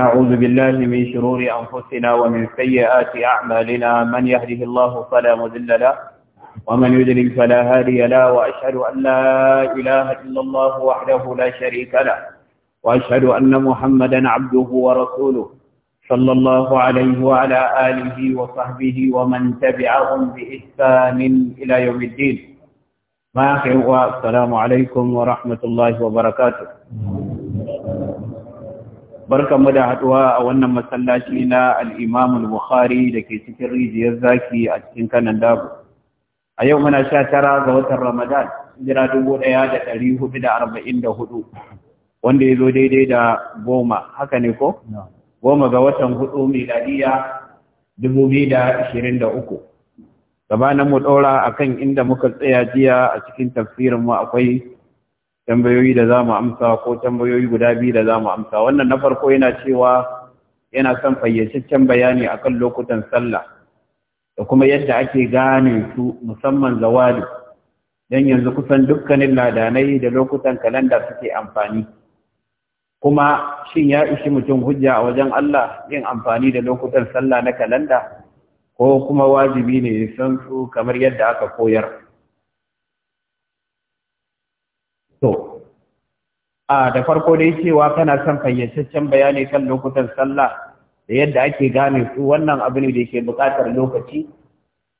نعوذ بالله من شرور أنفسنا ومن سيئات أعمالنا من يهده الله فلا مذل له ومن يدلل فلا هادي له وأشهد أن لا إله إلا الله وحده لا شريك له وأشهد أن محمدا عبده ورسوله صلى الله عليه وعلى آله وصحبه ومن تبعهم بإحسان إلى يوم الدين ما السلام عليكم ورحمة الله وبركاته mu da haduwa a wannan masallaci na al-Imam al-Bukhari ke cikin rijiyar zaki a cikin kanan dabu a yau muna sha tara ga watan Ramadan jira 1444 wanda yazo daidai da goma haka ne ko goma ga watan hudu miladiya 2023 gabanin mu daura akan inda muka tsaya jiya a cikin tafsirin mu akwai tambayoyi da zamu amsa ko tambayoyi guda biyu da zamu amsa wannan na farko yana cewa yana son fayyacaccen bayani akan lokutan sallah da kuma yadda ake gane su musamman zawali dan yanzu kusan dukkanin ladanai da lokutan kalanda suke amfani kuma shin ya ishi mutum hujja a wajen Allah yin amfani da lokutan sallah na kalanda ko kuma wajibi ne san su kamar yadda aka koyar a da farko dai cewa kana son fayyacaccen bayani kan lokutan sallah da yadda ake gane su wannan abu ne da ke buƙatar lokaci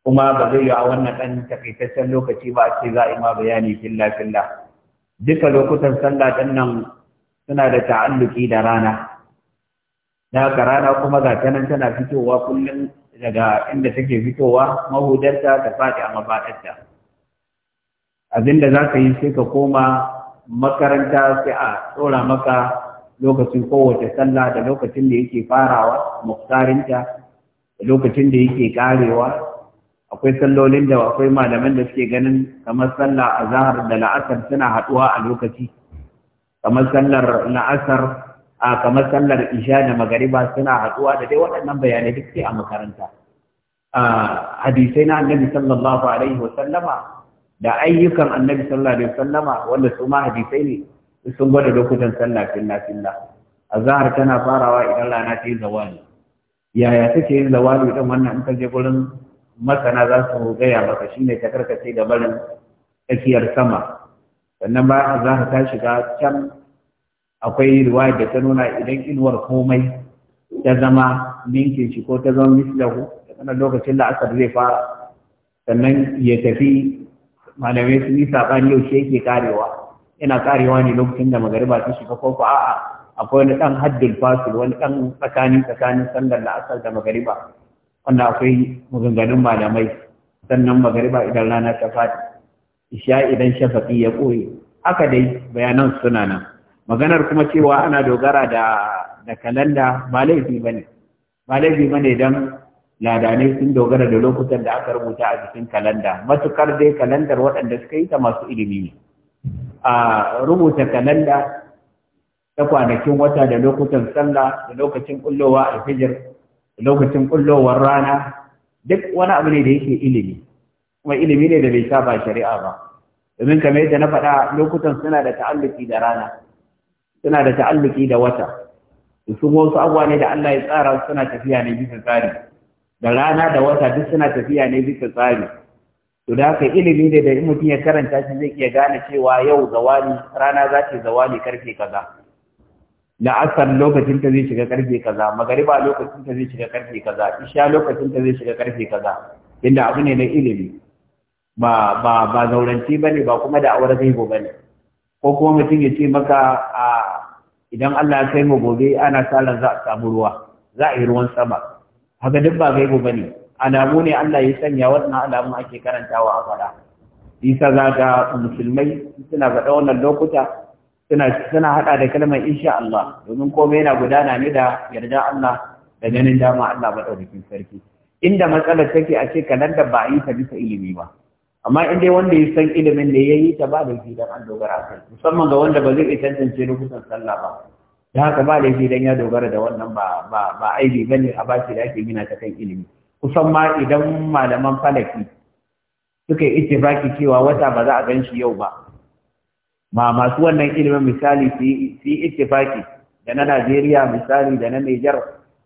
kuma ba zai yi a wannan ɗan takaitaccen lokaci ba a ce za a yi ma bayani filla filla duka lokutan sallah ɗin nan suna da ta'alluki da rana da haka rana kuma ga ta tana fitowa kullum daga inda take fitowa mahudarta ta faɗi a mafaɗarta abinda za ka yi sai ka koma makaranta sai a tsora maka lokacin kowace sallah da lokacin da yake farawa muktarinta da lokacin da yake karewa akwai sallolin da akwai malaman da suke ganin kamar sallah a da la'asar suna haɗuwa a lokaci kamar sallar la'asar a kamar sallar isha da magariba suna haɗuwa da dai waɗannan bayanai duk sai a makaranta hadisai na annabi sallallahu alaihi wa sallama da ayyukan annabi sallallahu alaihi wasallama wanda su ma hadisai ne sun gwada lokutan sallah filla filla azhar tana farawa idan rana ta yi zawali yaya take yin zawali idan wannan in ka gurin masana za su gaya maka shine ta karkace da barin tsakiyar sama sannan ba azhar ta shiga can akwai riwaya da ta nuna idan inuwar komai ta zama ninkin shi ko ta zama mislahu wannan lokacin la'asar zai fara sannan ya tafi malamai sun yi saɓani yaushe yake karewa yana karewa ne lokacin da magariba ta shiga ko ko a'a akwai wani ɗan haddul fasul wani ɗan tsakanin tsakanin sallar asar da magariba wanda akwai maganganun malamai sannan magariba idan rana ta faɗi isha idan shafaƙi ya ƙoye haka dai bayanan suna nan maganar kuma cewa ana dogara da da kalanda ba laifi ba ba laifi ba ne don ladane sun dogara da lokutan da aka rubuta a cikin kalanda matukar dai kalandar waɗanda suka yi ta masu ilimi ne a rubuta kalanda ta kwanakin wata da lokutan sallah da lokacin kullowa Fijir, da lokacin kullowar rana duk wani abu ne da yake ilimi kuma ilimi ne da bai saba shari'a ba domin kamar yadda na faɗa lokutan suna da ta'alluki da rana suna da ta'alluki da wata su wasu abuwa ne da Allah ya tsara suna tafiya ne bisa tsari da rana da wata duk suna tafiya ne bisa tsari to da haka ilimi ne da mutum ya karanta shi zai iya gane cewa yau zawani rana za ta zawani karfe kaza asar lokacin ta zai shiga karfe kaza magariba lokacin ta zai shiga karfe kaza isha lokacin ta zai shiga karfe kaza inda abu ne na ilimi ba ba ba zauranci bane ba kuma da aure zai gobe ne ko kuma mutum ya ce maka a idan Allah ya kai mu gobe ana sa ran za a samu ruwa za a yi ruwan sama haka duk ba ba ne alamu ne Allah ya sanya wannan alamu ake karantawa a fara isa za ga musulmai suna faɗa wannan lokuta suna suna hada da kalmar insha Allah domin komai yana gudana ne da yarda Allah da ganin dama Allah ba ɗaukakin sarki inda matsalar take a ce kanan da ba a yi ta bisa ilimi ba amma in dai wanda ya san ilimin da ya yi ta ba da gidan an dogara kai musamman ga wanda ba zai iya tantance lokutan sallah ba da haka ba laifi dan ya dogara da wannan ba ba ba aibi bane a bashi da ake gina ta kan ilimi kusan ma idan malaman falaki suka yi ittifaki cewa wata ba za a gan shi yau ba ma masu wannan ilimin misali su yi ittifaki da na Najeriya misali da na Niger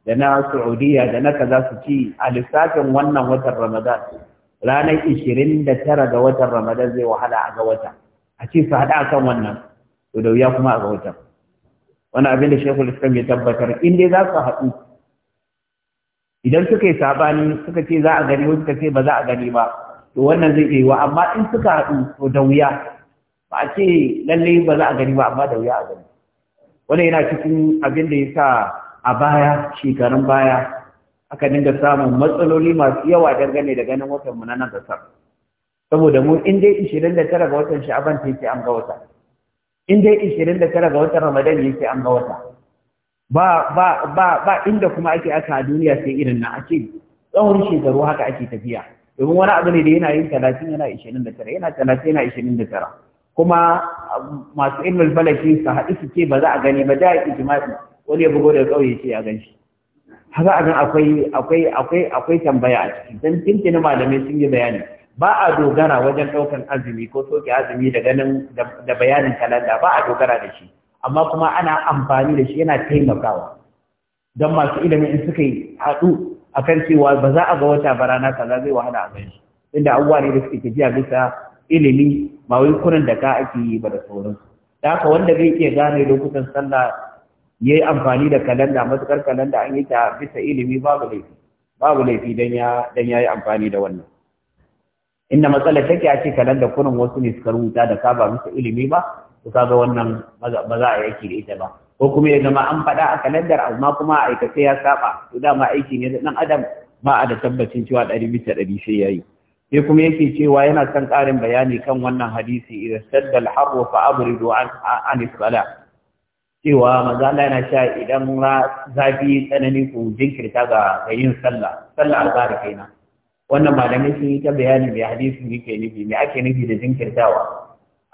da na Saudiya da na kaza su ci a lissafin wannan watan Ramadan ranar ishirin da tara ga watan Ramadan zai wahala a ga wata a ce su haɗa kan wannan to da wuya kuma a ga watan wani abin da shekul islam ya tabbatar in dai za su haɗu idan suka yi sabani suka ce za a gani wasu ce ba za a gani ba to wannan zai iya wa amma in suka haɗu to da wuya ba a ce lallai ba za a gani ba amma da wuya a gani wannan yana cikin abin da ya sa a baya shekarun baya aka dinga samun matsaloli masu yawa dangane da ganin watan mu na nan da saboda mu in dai 29 ga watan sha'aban ta yake an ga wata in dai 29 ga watan Ramadan yake an ga wata ba ba ba ba inda kuma ake aka a duniya sai irin na ake tsawon shekaru haka ake tafiya domin wani abu ne da yana yin 30 yana 29 yana 30 yana 29 kuma um, masu ilmin falaki su haɗu su ce ba za a gani ba da jima'i. wani ya bugo da ƙauye ce ya gan shi haka a akwai akwai akwai akwai tambaya a cikin tantance tintini malamai sun yi bayani ba a dogara wajen ɗaukan azumi ko soke azumi da ganin da bayanin kalanda ba a dogara da shi amma kuma ana amfani da shi yana taimakawa don masu ilimi in suka yi haɗu akan cewa ba za a ga wata ba rana kaza zai wahala a gan shi inda abubuwa ne da suke tafiya bisa ilimi ba wai kurin da ka ake yi ba da sauran da haka wanda zai iya gane lokutan sallah ya yi amfani da kalanda matukar kalanda an yi ta bisa ilimi babu laifi babu laifi don ya yi amfani da wannan inda matsalar take a ce kalan da kurin wasu ne suka rubuta da kaba ba musu ilimi ba to ga wannan ba za a yaki da ita ba ko kuma ya zama an faɗa a kalandar amma kuma a aikace ya saba to dama aiki ne dan adam ba a da tabbacin cewa ɗari bisa ɗari sai yayi sai kuma yake cewa yana son ƙarin bayani kan wannan hadisi idan sadda al-harru fa abridu an an cewa maza Allah yana sha idan zafi tsanani ku jinkirta ga yin sallah sallah al-zahar kenan wannan malamai sun yi ta bayani mai hadisin yake nufi mai ake nufi da jinkirtawa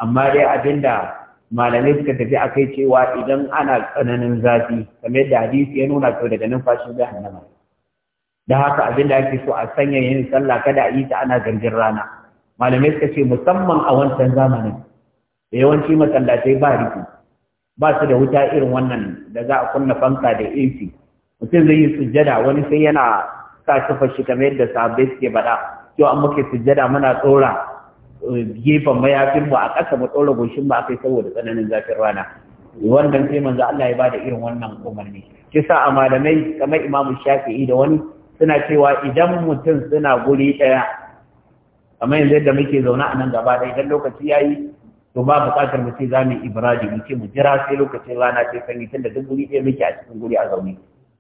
amma dai abinda malamai suka tafi a kai cewa idan ana tsananin zafi kamar yadda hadisi ya nuna to daga numfashin jahannama da haka abinda ake so a sanya yin sallah kada a yi ta ana gargin rana malamai suka ce musamman a wancan zamanin da yawanci masallatai ba riki ba su da wuta irin wannan da za a kunna fanka da AC mutum zai yi sujjada wani sai yana sa kafa shi kamar yadda sahabbai suke faɗa to an muke sujjada muna tsora eh, gefen mayafin mu a ƙasa mu tsora goshin mu akai saboda tsananin zafin rana wannan sai manzo Allah ya bada irin wannan umarni kisa a malamai kamar Imam Shafi'i da wani suna cewa idan mutum suna guri ɗaya kamar yanzu yadda muke zaune a nan gaba ɗaya idan lokaci yayi to ba buƙatar mu ce za mu ibradi mu ce mu jira sai lokacin rana sai sanyi tunda duk guri ɗaya muke a cikin guri a zaune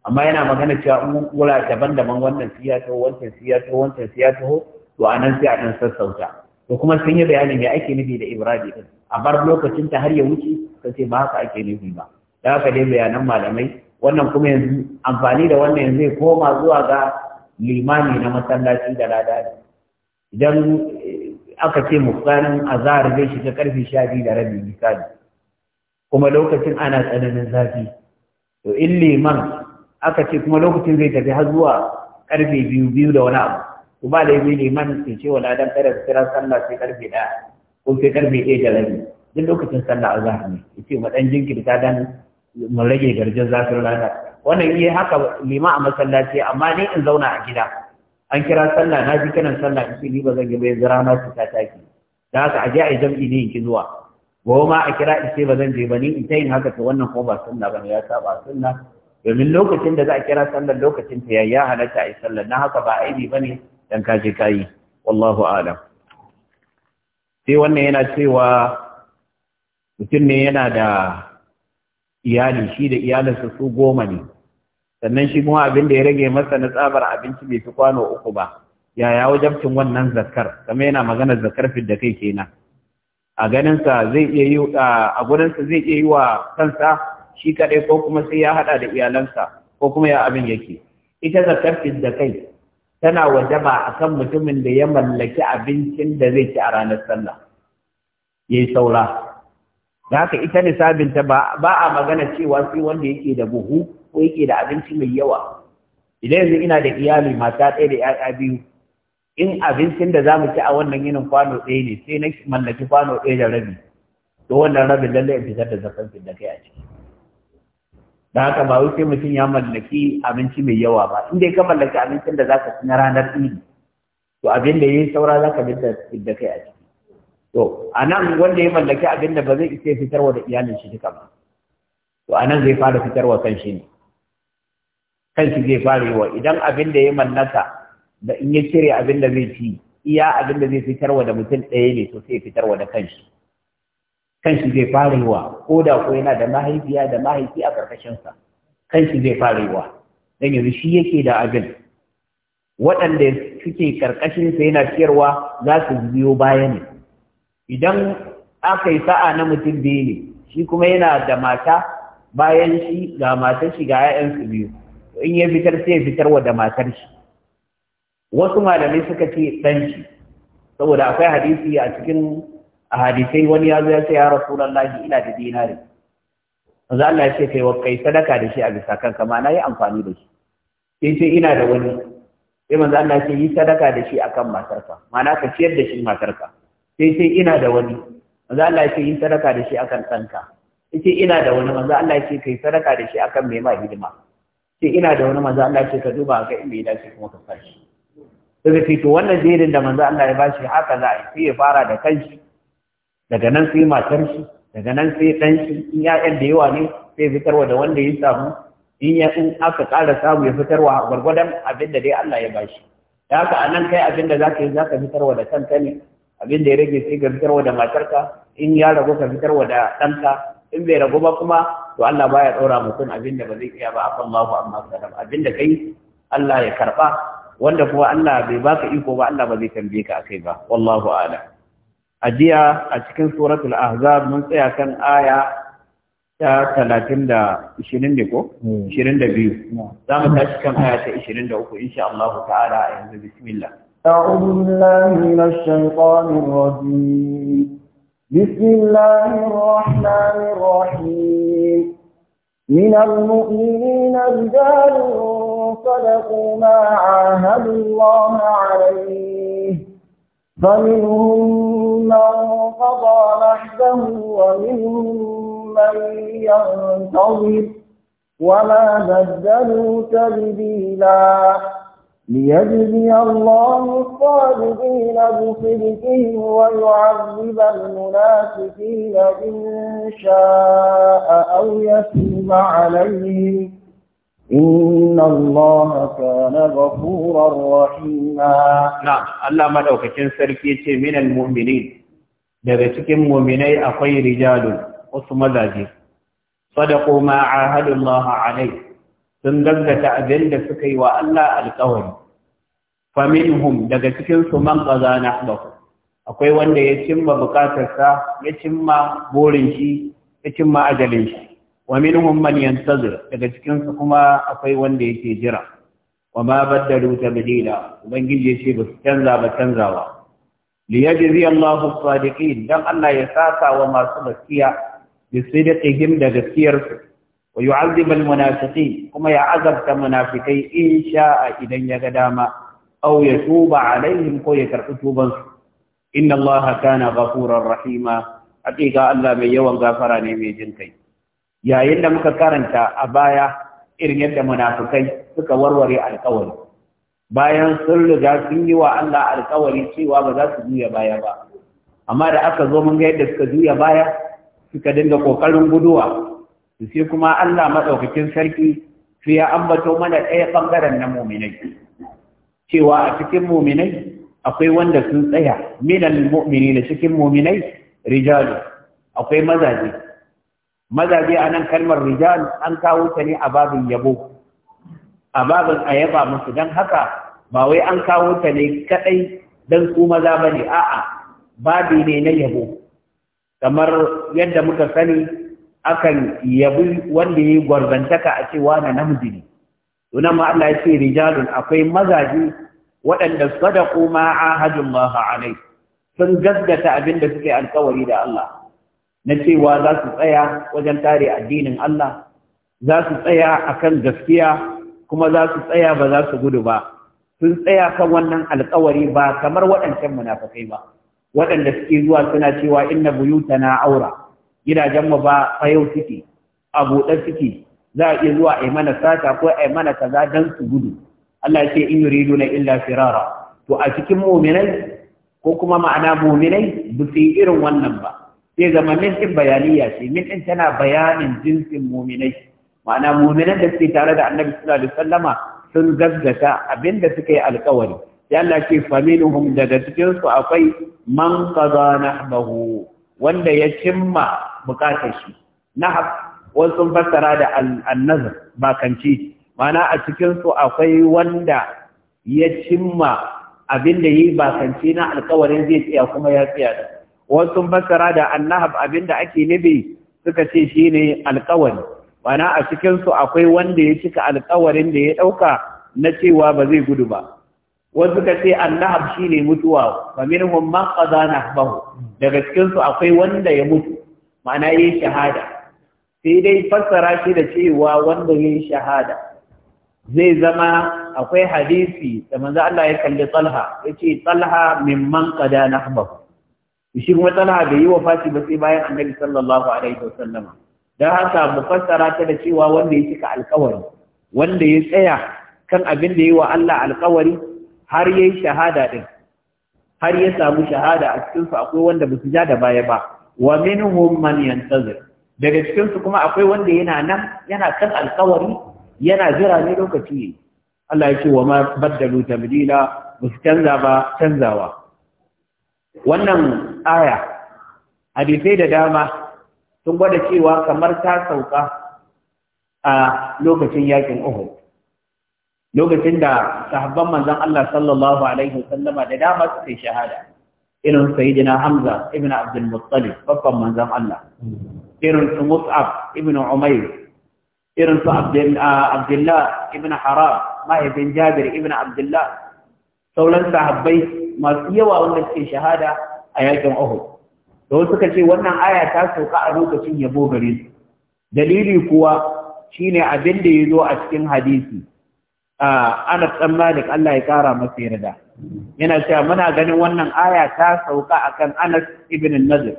amma yana magana cewa in wura daban-daban wannan siya taho wancan siya wancan siya to a nan sai a ɗan sassauta to kuma sun yi bayanin me ake nufi da ibradi din a bar lokacin ta har ya wuce ka ce ba haka ake nufi ba da haka dai bayanan malamai wannan kuma yanzu amfani da wannan zai koma zuwa ga limani na masallaci da lada idan aka ce a zahar zai shiga karfe sha biyu da rabi misali kuma lokacin ana tsananin zafi to in liman aka ce kuma lokacin zai tafi har zuwa karfe biyu biyu da wani abu ku ba laifi man ke ce wa ladan kada su kira sallah sai karfe ɗaya ko sai karfe ɗaya da rabi duk lokacin sallah a zahar ne ya ce mu ɗan jinkirta dan mun rage garjin zafin rana wannan iya haka lima a masallaci amma ni in zauna a gida an kira sallah na ji kiran sallah in ce ni ba zan gaba yanzu rana su ta taki da haka a je a jam'i ne in ki zuwa goma a kira ishe ba zan je ba ni in ta yin haka to wannan ko ba sunna ba ne ya saba sunna domin lokacin da za a kira sallar lokacin ta ya halatta a yi sallar na haka ba aibi ba ne dan ka kayi. wallahu alam sai wannan yana cewa mutum ne yana da iyali shi da iyalinsa su goma ne sannan shi kuma abin da ya rage masa na tsabar abinci bai fi kwano uku ba yaya wajabcin wannan zakar kamar yana magana zakar fidda kai kenan a ganinsa zai iya yi a gurinsa zai iya yi wa kansa shi kaɗai ko kuma sai ya haɗa da iyalansa ko kuma ya abin yake ita zakar da kai tana wajaba akan mutumin da ya mallaki abincin da zai ci a ranar sallah yayi saura da haka ita nisabinta ba ba a magana cewa sai wanda yake da buhu ko yake da abinci mai yawa idan yanzu ina da iyali mata ɗaya da 'ya'ya biyu in abincin da za mu ci a wannan yinin kwano ɗaya ne sai na mallaki kwano ɗaya da rabi to wannan rabin lallai in fitar da zakan da kai a ciki da haka ba wuce mutum ya mallaki abinci mai yawa ba inda ya ka mallaki abincin da zaka ci na ranar idi to abin da yayi saura zaka bi da kai a ciki to anan wanda ya mallaki abin da ba zai isa fitarwa da iyalin shi duka ba to anan zai fara fitarwa kan shi ne kan shi zai fara yiwa idan abin da ya mallaka da in ya cire abin da zai ci iya abin da zai fitarwa da mutum ɗaya ne to sai ya fitarwa da kanshi kanshi zai fara yi ko da ko yana da mahaifiya da mahaifi a ƙarƙashinsa kanshi zai fara yi wa don yanzu shi yake da abin waɗanda suke ƙarƙashinsa yana ciyarwa za su biyo baya ne idan aka yi sa'a na mutum biyu ne shi kuma yana da mata bayan shi ga matar shi ga 'ya'yansu biyu in ya fitar sai ya fitar wa da matar shi wasu malamai suka ce ɗan shi saboda akwai hadisi a cikin a hadisai wani ya zo ya ce ya rasulullahi ina da dinari manzo Allah ya ce kai wa kai sadaka da shi a bisa kanka ma na yi amfani da shi sai ce ina da wani sai manzo Allah ya ce yi sadaka da shi akan matarka ma'ana ka ciyar da shi matarka sai ce ina da wani manzo Allah ya ce yi sadaka da shi akan ɗanka sai ina da wani manzo Allah ya ce kai sadaka da shi akan mai ma hidima sai ina da wani manzo Allah ya ce ka duba ga inda ya dace kuma ka shi. daga ce to wannan jerin da manzo Allah ya bashi haka za a yi sai ya fara da kanshi daga nan sai matar shi daga nan sai dan shi in ya'yan da yawa ne sai fitarwa da wanda ya samu in ya in aka ƙara samu ya fitarwa gwargwadon abin da dai Allah ya bashi da haka a nan kai abin da za ka yi za ka fitarwa da kanka ne abin da ya rage sai ka fitarwa da matarka in ya ragu ka fitarwa da ɗanka in bai ragu ba kuma to Allah baya ɗora mutum abin da ba zai iya ba akan Allahu amma sallam abin da kai Allah ya karɓa wanda kuma Allah bai baka iko ba Allah ba zai tambaye ka akai ba wallahu a'lam ajiya a cikin suratul ahzab mun tsaya kan aya ta 30 da 20 ne ko 22 hmm. hmm. za mu tashi kan aya ta 23 insha Allah ta'ala a yanzu bismillah أعوذ بالله من الشيطان الرجيم بسم الله الرحمن الرحيم من المؤمنين رجال صدقوا ما عاهدوا الله عليه فمنهم من قضى نحبه ومنهم من ينتظر وما بدلوا تبديلا ليجزي الله الصادقين بصدقهم ويعذب المنافقين إن شاء أو يتوب عليهم إن الله كان غفورا رحيما نعم الله ما دوك كان سركي من المؤمنين daga cikin mu'minai akwai rijalun wasu mazaje sadaqu ma ahadu Allah alai sun gaggata abin da suka yi wa Allah alƙawari fa minhum daga cikin su man qaza nahbahu akwai wanda ya cimma bukatarsa ya cimma burin shi ya cimma ajalin shi wa minhum man yantazir daga cikin su kuma akwai wanda yake jira wa ma badalu tabdila ubangiji yace ba su canza ba canzawa li Allahu as-sadiqin dan Allah ya saka wa masu gaskiya bi sidqihim da gaskiyar su wa yu'azzibu al-munafiqin kuma ya azabta munafikai in sha'a idan ya ga dama aw yatuba alaihim ko ya karbi tuban su inna Allah kana ghafurar rahima hakika Allah mai yawan gafara ne mai jin kai yayin da muka karanta a baya irin yadda munafukai suka warware alkawari bayan sun riga sun yi wa Allah alkawari cewa ba za su juya baya ba amma da aka zo mun ga yadda suka juya baya suka dinga kokarin guduwa su sai kuma Allah madaukakin sarki su ya ambato mana ɗaya bangaren na muminai cewa a cikin muminai akwai wanda sun tsaya minal mu'mini da cikin muminai rijalu akwai mazaje mazaje a nan kalmar rijal an kawo ta ne a babin yabo a babin a yaba musu don haka ba wai an kawo ta ne kadai don su maza ba ne a'a babi ne na yabo kamar yadda muka sani akan yabi wanda ya yi gwarzantaka a cewa na namiji ne tunan ma Allah ya ce rijalun akwai mazaje waɗanda sadaku ma ahadun Allah alai sun gaskata abin da suke alkawari da Allah na cewa za su tsaya wajen tare addinin Allah za su tsaya akan gaskiya kuma za su tsaya ba za su gudu ba sun tsaya kan wannan alkawari ba kamar waɗancan munafikai ba waɗanda suke zuwa suna cewa inna na aura gidajen mu ba fayau suke a buɗe suke za a iya zuwa a yi mana sata ko a mana kaza dan su gudu Allah ya ce in na illa firara to a cikin mu'minai ko kuma ma'ana mu'minai ba su yi irin wannan ba sai zama min ɗin bayaniya ce min ɗin tana bayanin jinsin muminai ma'ana muminan da suke tare da annabi sallallahu alaihi wasallama sun gaggata abinda suka yi alkawari sai Allah ce faminuhum daga cikin su akwai man qada nahbahu wanda ya cimma bukatar shi nahab wasu fasara da annazar bakanci ma'ana a cikin su akwai wanda ya cimma abinda yi bakanci na alkawarin zai tsaya kuma ya tsaya da wasu fassara da annahab abinda ake nufi suka ce shi ne alƙawari mana a cikinsu akwai wanda ya cika alkawarin da ya ɗauka na cewa ba zai gudu ba wasu suka ce annahab ne mutuwa ba min minhum man na bahu daga cikinsu akwai wanda ya mutu ma'ana yi shahada sai dai fassara shi da cewa wanda yi shahada zai zama akwai hadisi da manzo Allah ya kalli Talha yace Talha mimman na bahu shi kuma tana da yi wa fashi ba sai bayan annabi sallallahu alaihi wa sallama dan haka mu fassara ta da cewa wanda ya cika alkawari wanda ya tsaya kan abin da yi wa Allah alkawari har yayi shahada din har ya samu shahada a cikin su akwai wanda ba su ja da baya ba wa minhum man yantazir daga cikin su kuma akwai wanda yana nan yana kan alkawari yana jira ne lokaci Allah ya ce wa ma baddalu tabdila ba su canza ba canzawa wannan aya hadisai da dama sun gwada cewa kamar ta sauka a lokacin yakin Uhud lokacin da sahabban manzon Allah sallallahu alaihi wasallama da dama suka shahada irin sayyidina Hamza ibn Abdul Muttalib babban manzon Allah irin su Mus'ab ibn Umayr irin su Abdullah ibn Haram mahaifin Jabir ibn Abdullah sauran sahabbai masu yawa wanda suke shahada a yakin Uhud da suka ce wannan aya ta sauka a lokacin yabo gare su dalili kuwa shine abin da yazo a cikin hadisi Anas dan Malik Allah ya kara masa yarda yana cewa muna ganin wannan aya ta sauka akan Anas ibn Nadir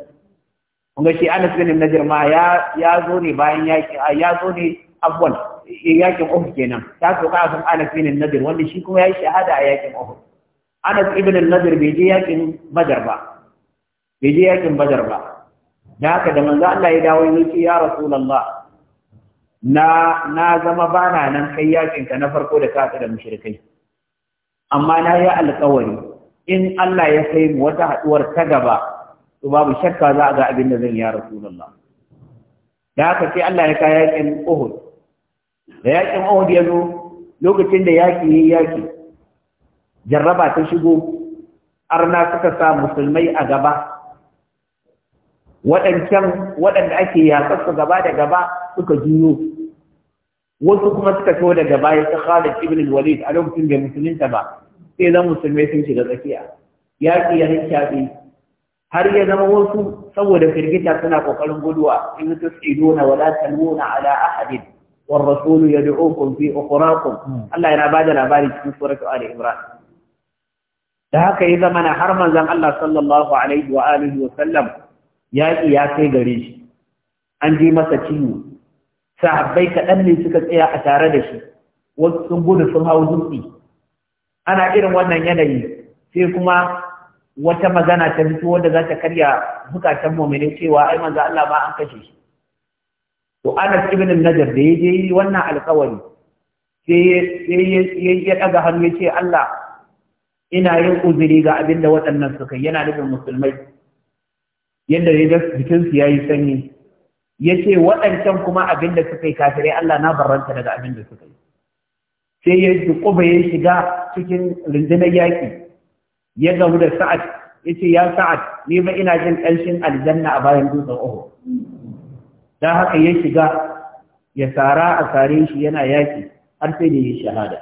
kun shi Anas ibn Nadir ma ya ya zo ne bayan yaki ya zo ne afwan yakin Uhud kenan ta sauka akan Anas ibn Nadir wanda shi kuma yayi shahada a yakin Uhud Anas ibn al-Nadir bai je yakin Badar ba bai je yakin Badar ba da haka da manzo Allah ya dawo yake ya Rasulullah na na zama bana nan kai yakin ka na farko da ka da mushrikai amma na yi alƙawari in Allah ya kai mu wata haduwar ta gaba to babu shakka za a ga abin da zan ya Rasulullah da haka sai Allah ya kai yakin Uhud da yakin Uhud ya zo lokacin da yaki yaki jarraba ta shigo arna suka sa musulmai a gaba waɗancan waɗanda ake yaƙarsu gaba da gaba suka juyo wasu kuma suka to daga baya ta Khalid ibn walid a lokacin da musulunta ba sai zan musulmai sun shiga tsakiya yaƙi ya shafi har ya zama wasu saboda firgita suna ƙoƙarin guduwa in na wala talmuna ala ahadin والرسول يدعوكم hmm. yana أخراكم الله ينبادنا بالي في سورة Ali imran da haka ya zama na har manzan Allah sallallahu alaihi wa alihi wa sallam yaƙi ya kai gare shi an ji masa ciwo sahabbai kaɗan ne suka tsaya a tare da shi wasu sun gudu sun hau dutse ana irin wannan yanayi sai kuma wata magana ta fito wanda za ta karya bukatan mu'mini cewa ai manzan Allah ba an kashe shi to Anas ibn najar da ya yi wannan alkawari sai ya ɗaga hannu ya ce Allah ina yin uzuri ga abin da waɗannan suka yana nufin musulmai yadda ya ga jikinsu ya yi sanyi ya ce waɗancan kuma abin da suka yi kafirai Allah na barranta daga abin da suka yi sai ya yi kuma ya shiga cikin rundunar yaƙi ya gamu da sa'ad ya ce ya sa'ad ni ba ina jin ƙarshen aljanna a bayan dutsen oho don haka ya shiga ya sara a sare shi yana yaƙi har sai da ya shahada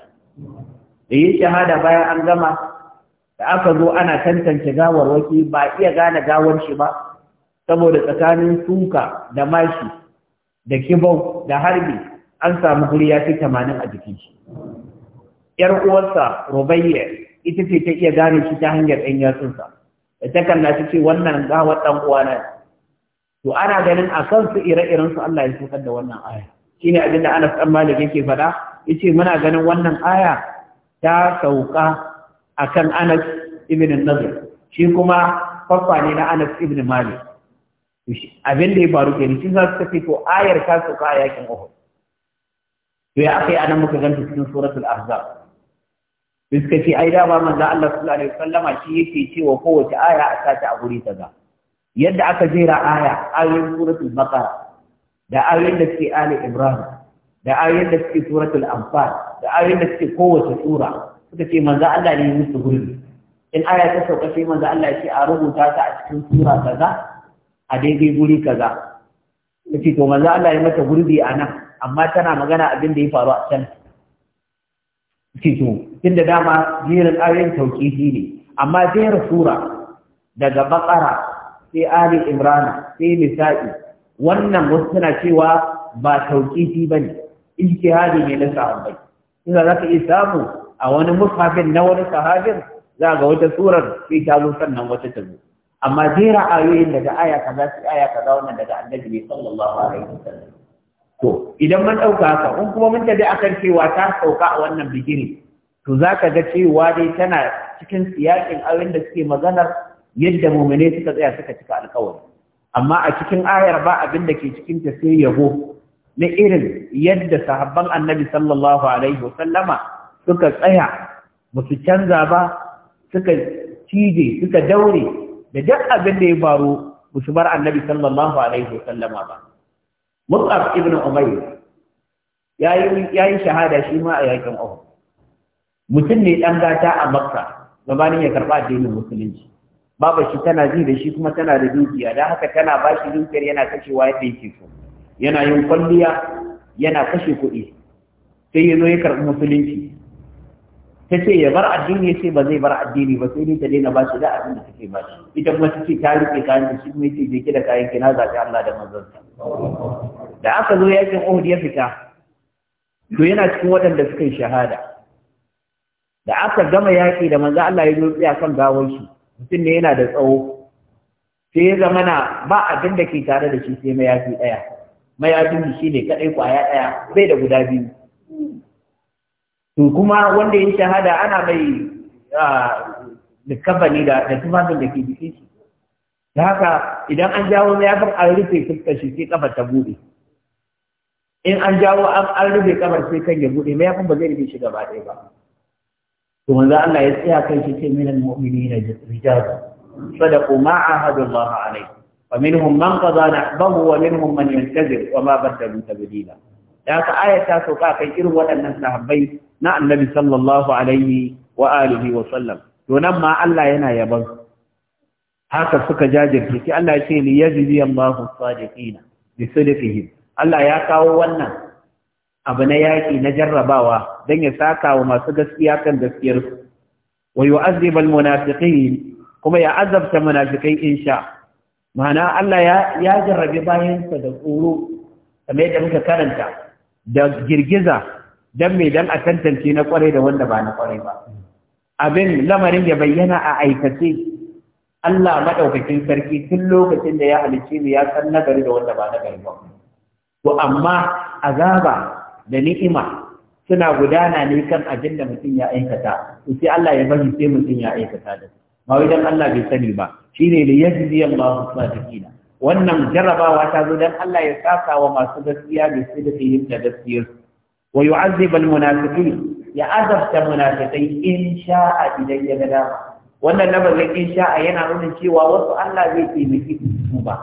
da yi shahada bayan an gama da aka zo ana tantance gawar waki ba iya gane gawar shi ba saboda tsakanin suka da mashi da kibau da harbi an samu guri ya fi tamanin a jikin shi yar uwarsa rubayya ita ce ta iya gane shi ta hanyar ɗan yatsunsa da ta kanna ta ce wannan gawar ɗan na to ana ganin a su ire-iren su Allah ya saukar da wannan aya shine abin da Anas dan Malik yake faɗa yace muna ganin wannan aya ta sauka akan Anas ibn Nadir shi kuma faffa ne na Anas ibn Malik abin da ya faru ke shi za su tafi to ayar ta sauka a yakin Uhud to ya akai anan muka ganta cikin suratul ahzab sai suka ce ai dama manzo Allah sallallahu alaihi wasallama shi yake cewa kowace aya a sace a guri ga. yadda aka jera aya ayoyin suratul baqara da ayoyin da suke ali ibrahim da ayoyin da suke suratul anfal da ayoyin da suke kowace sura suka ce manzo Allah ne musu gurbi in aya ta sauka sai manzo Allah ya ce a rubuta ta a cikin sura kaza a daidai guri kaza yace to manzo Allah ya mata gurbi a nan amma tana magana abin da ya faru a can yace to tunda dama jerin ayoyin tauqifi ne amma jerin sura daga baqara sai ali imran sai nisa'i wannan wasu suna cewa ba tauqifi bane ijtihadi ne na sahabbai idan zaka iya samu a wani mushafin na wani sahabin za ga wata surar sai ta zo sannan wata ta zo amma jera ayoyin daga aya kaza sai aya kaza wannan daga annabi ne sallallahu alaihi wasallam to idan mun dauka haka in kuma mun tabi akan cewa ta sauka a wannan bigiri to zaka ga cewa dai tana cikin siyakin ayoyin da suke magana yadda mu'mine suka tsaya suka cika alƙawari amma a cikin ayar ba abin da ke cikin ta sai yabo na irin yadda sahabban annabi sallallahu alaihi wasallama suka tsaya musu canza ba suka cije suka daure da duk abin da ya faru musu bar annabi sallallahu alaihi wa sallama ba mus'ab ibn umayr yayi yayi shahada shi ma a yakin uhud mutum ne dan gata a makka gabanin ya karba addinin musulunci baba shi tana ji da shi kuma tana da dukiya dan haka tana ba shi dukiyar yana kashewa yadda yake so yana yin kwalliya yana kashe kuɗi sai ya zo ya karɓi musulunci ta ce ya bar addini ya ce ba zai bar addini ba sai dai ta daina ba shi da abin da take ba shi ita kuma ta ce ta rike kayan da shi mai ce ki da kayan ki na zaɓi Allah da manzonsa da aka zo yakin Uhud ya fita to yana cikin waɗanda suka yi shahada da aka gama yaƙi da manzo Allah ya zo tsaya kan gawar shi mutum ne yana da tsawo sai ya zama na ba abin da ke tare da shi sai mayafi ɗaya mayafin shi ne kaɗai kwaya ɗaya bai da guda biyu in kuma wanda ya shahada ana mai likabani da da tufafin da ke jikin shi da haka idan an jawo ya kaf an rufe fuskar shi sai kafar ta bude in an jawo an rufe kafar sai kan ya bude mai ba zai rufe shi gaba ɗaya ba to manzo Allah ya tsaya kai shi ce minal mu'minina rijal sadaqu ma ahadu Allah alayhi qada nahbahu wa minhum man yantazir wa ma badalu tabdila da haka ayata ta sauka kai irin waɗannan sahabbai na annabi sallallahu alaihi wa alihi wa sallam to nan ma Allah yana yaban haka suka jajirce ki Allah ya ce li yajzi Allahu sadiqina bi sidqihim Allah ya kawo wannan abu na yaki na jarrabawa dan ya saka wa masu gaskiya kan gaskiyar su wa yu'azzibu almunafiqin kuma ya azabta munafiqai insha ma'ana Allah ya ya jarrabe bayansa da tsoro kamar yadda muka karanta da girgiza dan me dan a tantance na kwarai da wanda ba na kwarai ba abin lamarin ya bayyana a aikace Allah madaukakin sarki tun lokacin da ya halicce mu ya san nagari da wanda ba gari ba to amma azaba da ni'ima suna gudana ne kan abin da mutum ya aikata to sai Allah ya bari sai mutum ya aikata da ba wai dan Allah bai sani ba shine da yajzi Allahu sadiqina wannan jarrabawa ta zo dan Allah ya saka wa masu gaskiya da su da yin da gaskiyarsu wa المنافقين يا munafiqin ya azabta شاء in sha'a idan ya wannan labarin in sha'a yana nuna cewa wasu Allah zai taimaki su tuba.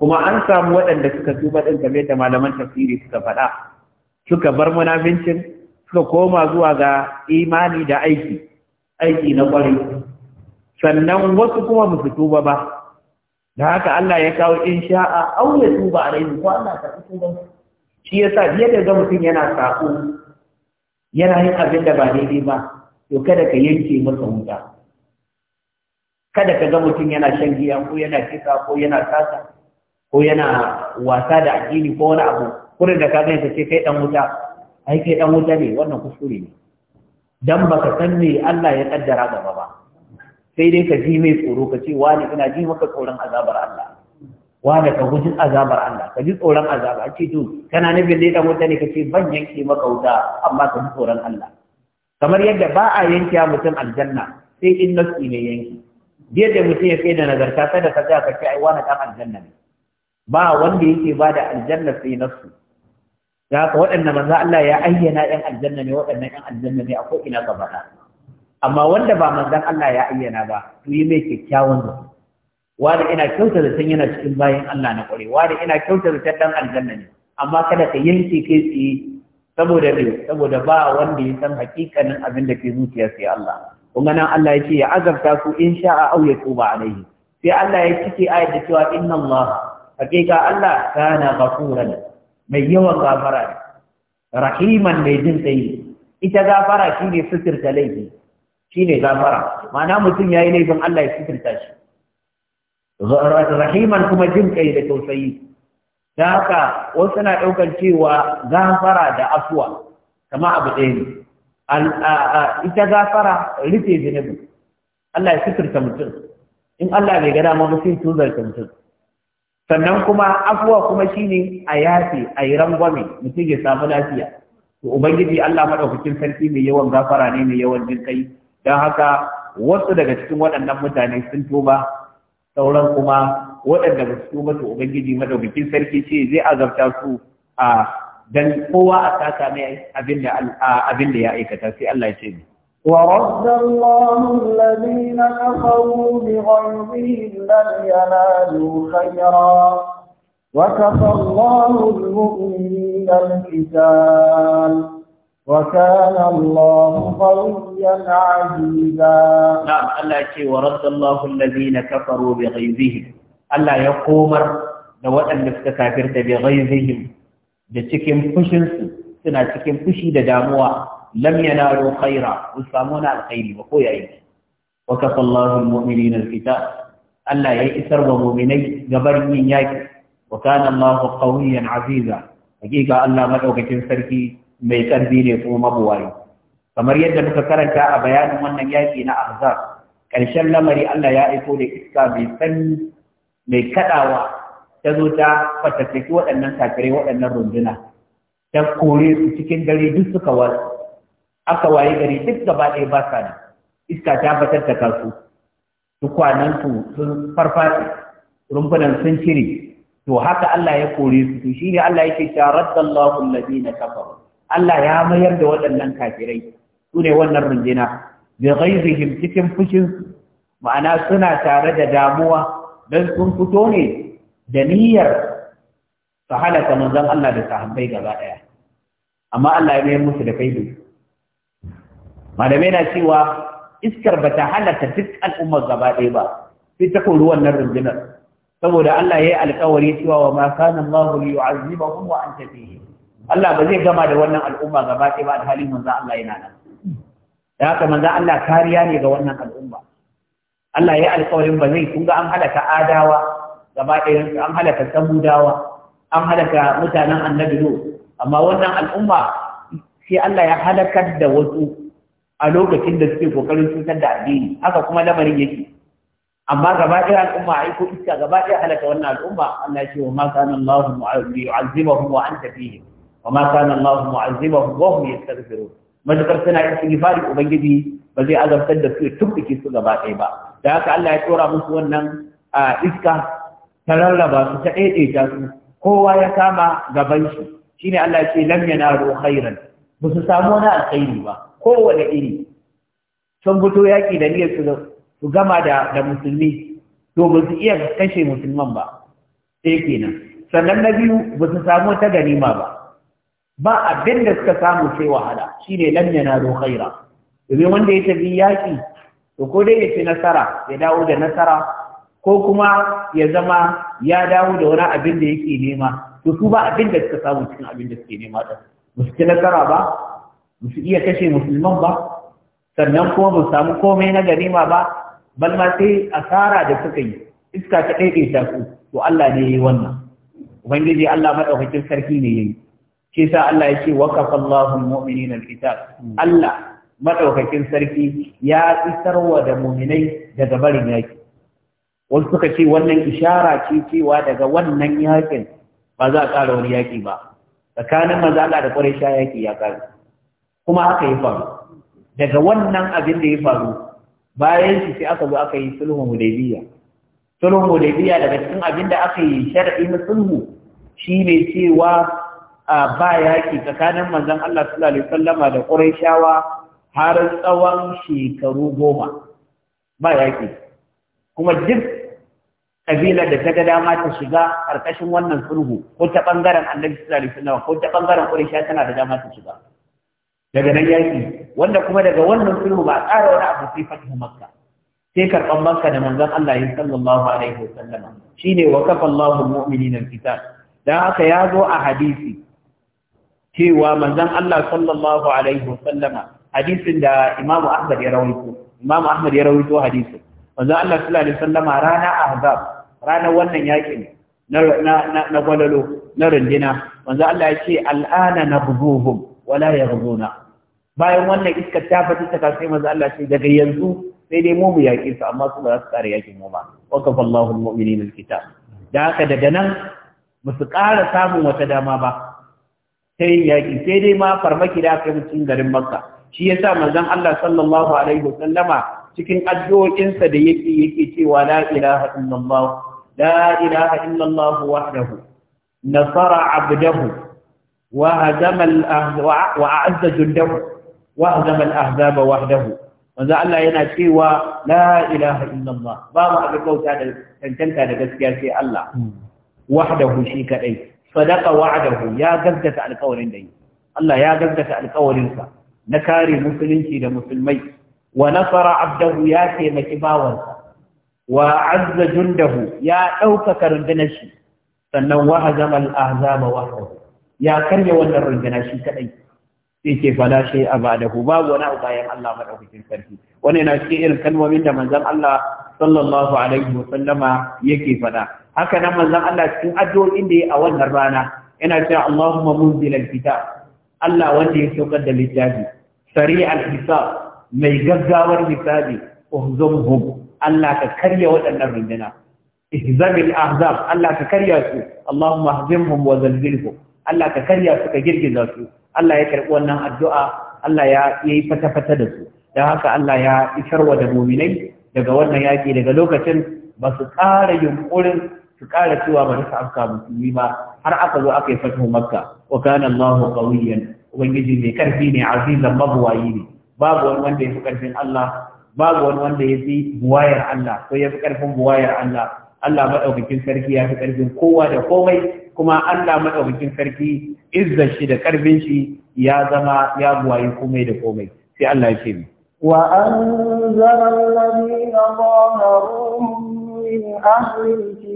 kuma an samu waɗanda suka tuba din game da malaman tafsiri suka faɗa suka bar munafincin suka koma zuwa ga imani da aiki aiki na ƙwarai sannan wasu kuma ba su tuba ba da haka Allah ya kawo in sha'a au ya tuba rai ko Allah ta tuba shi yasa biyar da ga mutum yana sako yana yin abin da ba daidai ba to kada ka yanke masa wuta kada ka ga mutum yana shan giya ko yana kisa ko yana sasa ko yana wasa da addini ko wani abu kurin da ka gani ta ce kai dan wuta ai kai dan wuta ne wannan kuskure ne dan baka san me Allah ya kaddara gaba ba sai dai ka ji mai tsoro ka ce wani ina ji maka tsoron azabar Allah wanda ka guji azabar Allah ka ji tsoron azaba ce to kana nufin da dan wuta ne ce ban yanke maka wuta amma ka ji tsoron Allah kamar yadda ba a yanke mutum aljanna sai in nasu ne yanki da mutum ya kai da nagarta sai da kaza ka ce ai wani dan aljanna ne ba wanda yake ba da aljanna sai nasu da ka waɗannan manzo Allah ya ayyana ɗan aljanna ne waɗannan ɗan aljanna ne akwai ina gaba amma wanda ba manzo Allah ya ayyana ba to yi mai kyakkyawan zuwa wani ina kyauta da san yana cikin bayan Allah na ƙware wani ina kyauta da ɗan aljanna ne amma kada ka yanke kai tsaye saboda ne saboda ba wanda ya san hakikanin abin da ke zuciya sai Allah kun ga nan Allah ya ce ya azabta su in sha au ya tuba alaihi sai Allah ya cike ayat da cewa inna Allah hakika Allah kana ghafuran mai yawan gafara rahiman mai jin tsayi ita gafara shine sutirta laifi shine gafara ma'ana mutum yayi laifin Allah ya sutirta shi rahiman kuma jin kai da tausayi da haka wasu na ɗaukar cewa gafara da afuwa kama abu ɗaya ne ita gafara rufe zunubi Allah ya suturta mutum in Allah bai gada ma mutum zarta mutum sannan kuma afuwa kuma shine a yafe a yi rangwame mutum ya samu lafiya to ubangiji Allah madaukakin sarki mai yawan gafara ne mai yawan jin kai don haka wasu daga cikin waɗannan mutane sun tuba sauran kuma waɗanda ba su mata ubangiji madaukakin sarki ce zai azabta su a dan kowa a saka ne abin da abin da ya aikata sai Allah ya ce ni wa radallahu alladhina kafaru bi ghaibihim lam yanalu khayra wa kafallahu al-mu'minina al-qital وكان الله قويا عزيزا نعم الله يقول ورد الله الذين كفروا بغيظهم الله يقوم da waɗanda suka kafirta bi ghaizihim da cikin fushinsu suna cikin fushi da damuwa lam yanalu khaira usamuna alkhairi wa ko yayi wa kafallahu almu'minina alkitab Allah ya isar wa mu'minai gabar yin yaki wa kana aziza hakika Allah madaukakin sarki mai karbi ne kuma mabuwayi kamar yadda muka karanta a bayanin wannan yaƙi na ahzab ƙarshen lamari Allah ya aiko da iska mai sanyi mai kaɗawa ta zo ta fatattaki waɗannan takirai waɗannan runduna ta kore su cikin gari duk suka wasu aka waye gari duk gaba ɗaya ba sa iska ta fatattaka su dukkanansu sun farfaɗi rumfunan sun cire to haka Allah ya kore su to shine Allah yake cewa raddallahu alladhina kafaru Allah ya mayar da waɗannan kafirai su ne wannan rundunar bi ghaizihim cikin fushin ma'ana suna tare da damuwa don sun fito ne da niyyar su halaka manzon Allah da sahabbai gaba gabaɗaya. amma Allah ya mayar musu da kaido malamai na cewa iskar bata halaka duk al'ummar gaba ba sai ta kori wannan rundunar saboda Allah ya yi alkawari cewa wa ma kana Allah li yu'azzibahum wa anta fihim Allah ba zai gama da wannan al'umma gaba ɗaya ba alhalin manzo Allah yana nan da haka manzan Allah kariya ne ga wannan al'umma Allah ya alƙawarin ba zai kun ga an halaka adawa gaba ɗaya an halaka samudawa an halaka mutanen annabi no amma wannan al'umma sai Allah ya halakar da wasu a lokacin da suke kokarin cutar da addini haka kuma lamarin yake amma gaba ɗaya al'umma a ko iska gaba ɗaya halaka wannan al'umma Allah ya ce wa ma kana Allah mu'azzibahum wa anta fihim wa ma kana Allah mu'azzibahum wa hum yastaghfirun matakar suna istighfari ubangiji ba zai azabtar da su ya tubbike su gaba ba da haka Allah ya tsora musu wannan iska ta rarraba su ta ɗaiɗaita su kowa ya kama gaban shi shine Allah ya ce lam yanaru khairan ba su samu wani alkhairi ba kowane iri sun fito yaƙi da niyyar su su gama da da musulmi to ba su iya kashe musulman ba sai kenan sannan na biyu ba su samu ta ganima ba ba abin da suka samu sai wahala shi shine lam zo khaira domin wanda ya tafi yaki to ko dai ya ci nasara ya dawo da nasara ko kuma ya zama ya dawo da wani abin da yake nema to su ba abin da suka samu cikin abin da suke nema din ba su ci nasara ba ba iya kashe musulman ba sannan kuma ba samu komai na ganima ba bal ma sai asara da suka yi iska ta ɗaiɗaita su to Allah ne ya yi wannan ubangiji Allah maɗaukakin sarki ne ya yi shi sa Allah yake waqafa Allahu mu'minina al-qital hmm. Allah madaukakin sarki ya isarwa da mu'minai daga barin yaki wasu suka ce wannan ishara ce cewa daga wannan yakin ba za a ƙara wani yaki ba tsakanin maza Allah da sha yaki ya ƙara. kuma haka ya faru daga wannan abin da ya faru bayan shi sai aka zo aka yi sulhun hudaybiya sulhun hudaybiya daga cikin abin da aka yi sharadi na sulhu shine cewa ba yaƙi tsakanin manzon Allah sallallahu alaihi wasallam da Qurayshawa har tsawon shekaru goma ba yaƙi kuma duk kabila da ta ga dama ta shiga ƙarƙashin wannan sulhu ko ta ɓangaren annabi sallallahu alaihi wasallam ko ta ɓangaren Qurayshawa tana da dama ta shiga daga nan yaƙi wanda kuma daga wannan sulhu ba a ƙara wani abu sai fatihu makka sai karɓan makka da manzon Allah sallallahu alaihi wasallam shine wa kafa Allahu mu'minina al kitab dan haka ya zo a hadisi cewa manzon Allah sallallahu alaihi wasallama hadisin da Imam Ahmad ya rawaito Imam Ahmad ya rawaito hadisin manzon Allah sallallahu alaihi wasallama rana ahzab rana wannan yakin na na na gwalalo na rundina manzon Allah ya ce al'ana nabzuhum wala yaghzuna bayan wannan iska ta fita ta kasai manzon Allah ce daga yanzu sai dai mu mu yaƙe su amma su ba za su ƙara yaƙin mu ba wa kafa Allahu al-mu'minina da haka daga nan ba su ƙara samun wata dama ba ta yin yaƙi sai dai ma farmaki da aka yi cikin garin makka shi ya sa manzon allah sallallahu alaihi wasallama cikin addu'o'insa da yake yake cewa la ilaha illallah la ilaha illallah wahdahu nasara abdahu wa hazama al wa a'azza jundahu wa hazama al-ahzaba wahdahu manzo Allah yana cewa la ilaha illallah babu abin bauta da tantanta da gaskiya sai Allah hmm. wahdahu shi kadai sadaqa wa'adahu ya gaggata alƙawarin da yi Allah ya alƙawarin sa na kare musulunci da musulmai wa nasara abdahu ya taimaki bawansa wa azza jundahu ya ɗaukaka rundunar shi sannan wa hazama al-ahzaba ya karya wannan rundunar shi kadai sai ce shi a abadahu babu wani abu bayan Allah madaukakin sarki wannan yana cikin irin kalmomin da manzon Allah sallallahu alaihi wa sallama yake fada haka nan manzon Allah cikin addu'o'in da ya a wannan rana yana cewa Allahumma munzil al-kitab Allah wanda ya saukar da littafi sari al-hisab mai gaggawar misali uhzumhum Allah ka karya waɗannan runduna ihzabil ahzab Allah ka karya su Allahumma ahzimhum wa zalzilhum Allah ka karya su ka girgiza su Allah ya karɓi wannan addu'a Allah ya yi fata-fata da su don haka Allah ya isarwa da muminai daga wannan yaƙi daga lokacin ba su ƙara yunƙurin su ƙara cewa ba su aska musulmi ba har aka zo aka yi fatihu makka wa kana Allahu qawiyyan ubangiji mai karfi ne azizan mabuwayi ne babu wani wanda ya fi karfin Allah babu wani wanda ya fi buwayar Allah ko ya fi karfin buwayar Allah Allah madaukakin sarki ya fi karfin kowa da komai kuma Allah madaukakin sarki izzar shi da karfin shi ya zama ya buwayi komai da komai sai Allah ya ce mu وأنزل الذين ظاهرهم من أهل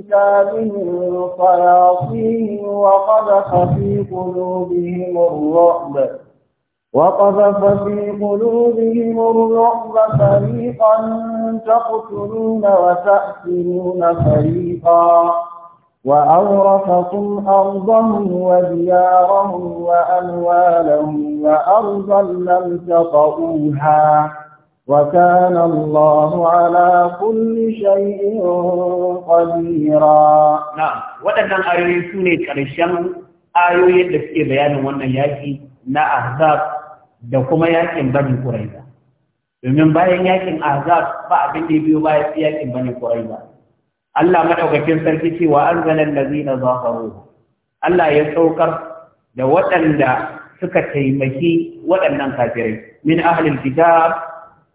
كتابهم صياصيه وقذف في قلوبهم الرعب وقذف في قلوبهم الرعب فريقا تقتلون وتأسرون فريقا وأورثكم أرضهم وديارهم وأموالهم وأرضا لم تطئوها وكان الله على كل شيء قديرا نعم waɗannan ayoyi sune ƙarshen ayoyin da suke bayanin wannan yaki na Ahzab da kuma yakin Bani Quraiza domin bayan yakin Ahzab ba abin da biyo bayan yakin Bani Quraiza Allah madaukakin sarki ce wa anzala allazina zaharu Allah ya saukar da waɗanda suka taimaki waɗannan kafirai min ahlil kitab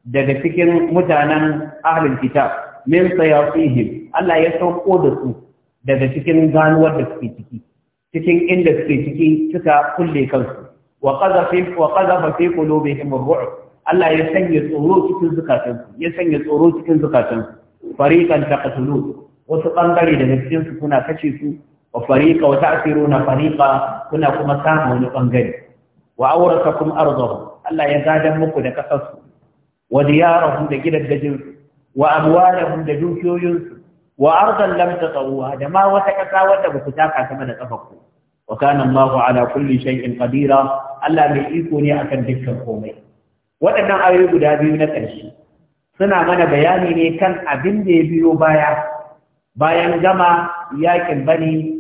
daga cikin mutanen ahlul kitab min sayasihim Allah ya sauko da su daga cikin ganuwar da suke ciki cikin inda suke ciki suka kulle kansu wa qadhafa wa qadhafa fi qulubihim ar-ru'b Allah ya sanya tsoro cikin zukatansu ya sanya tsoro cikin zukatansu fariqan taqtulu wasu bangare daga cikin su kuna kace su wa fariqa wa ta'thiruna fariqa kuna kuma samu wani bangare wa awratakum ardhum Allah ya gadan muku da kasarsu wa diyarahum da gidaddajin wa amwalahum da dukiyoyinsu wa ardan lam tatawuha da ma wata kasa wadda ba ku taka sama da kafarku wa kana Allahu ala kulli shay'in qadira Allah mai iko ne akan dukkan komai waɗannan ayoyi guda biyu na ƙarshe suna mana bayani ne kan abin da ya biyo baya bayan gama yakin bani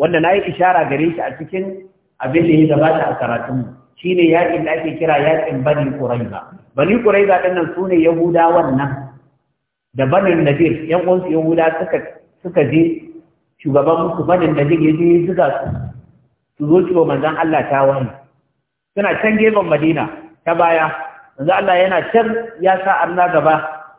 wanda na yi ishara gare shi a cikin abin da ya gabata a karatunmu Shi ne yakin da ake kira yakin bani quraiza bani quraiza din nan ne yahudawan nan da banin nadir yan uwan yahuda suka je shugaban musu banin nadir ya je zuga su su zo ciwo manzan Allah ta wani suna can gefen Madina ta baya manzan Allah yana can ya sa Allah gaba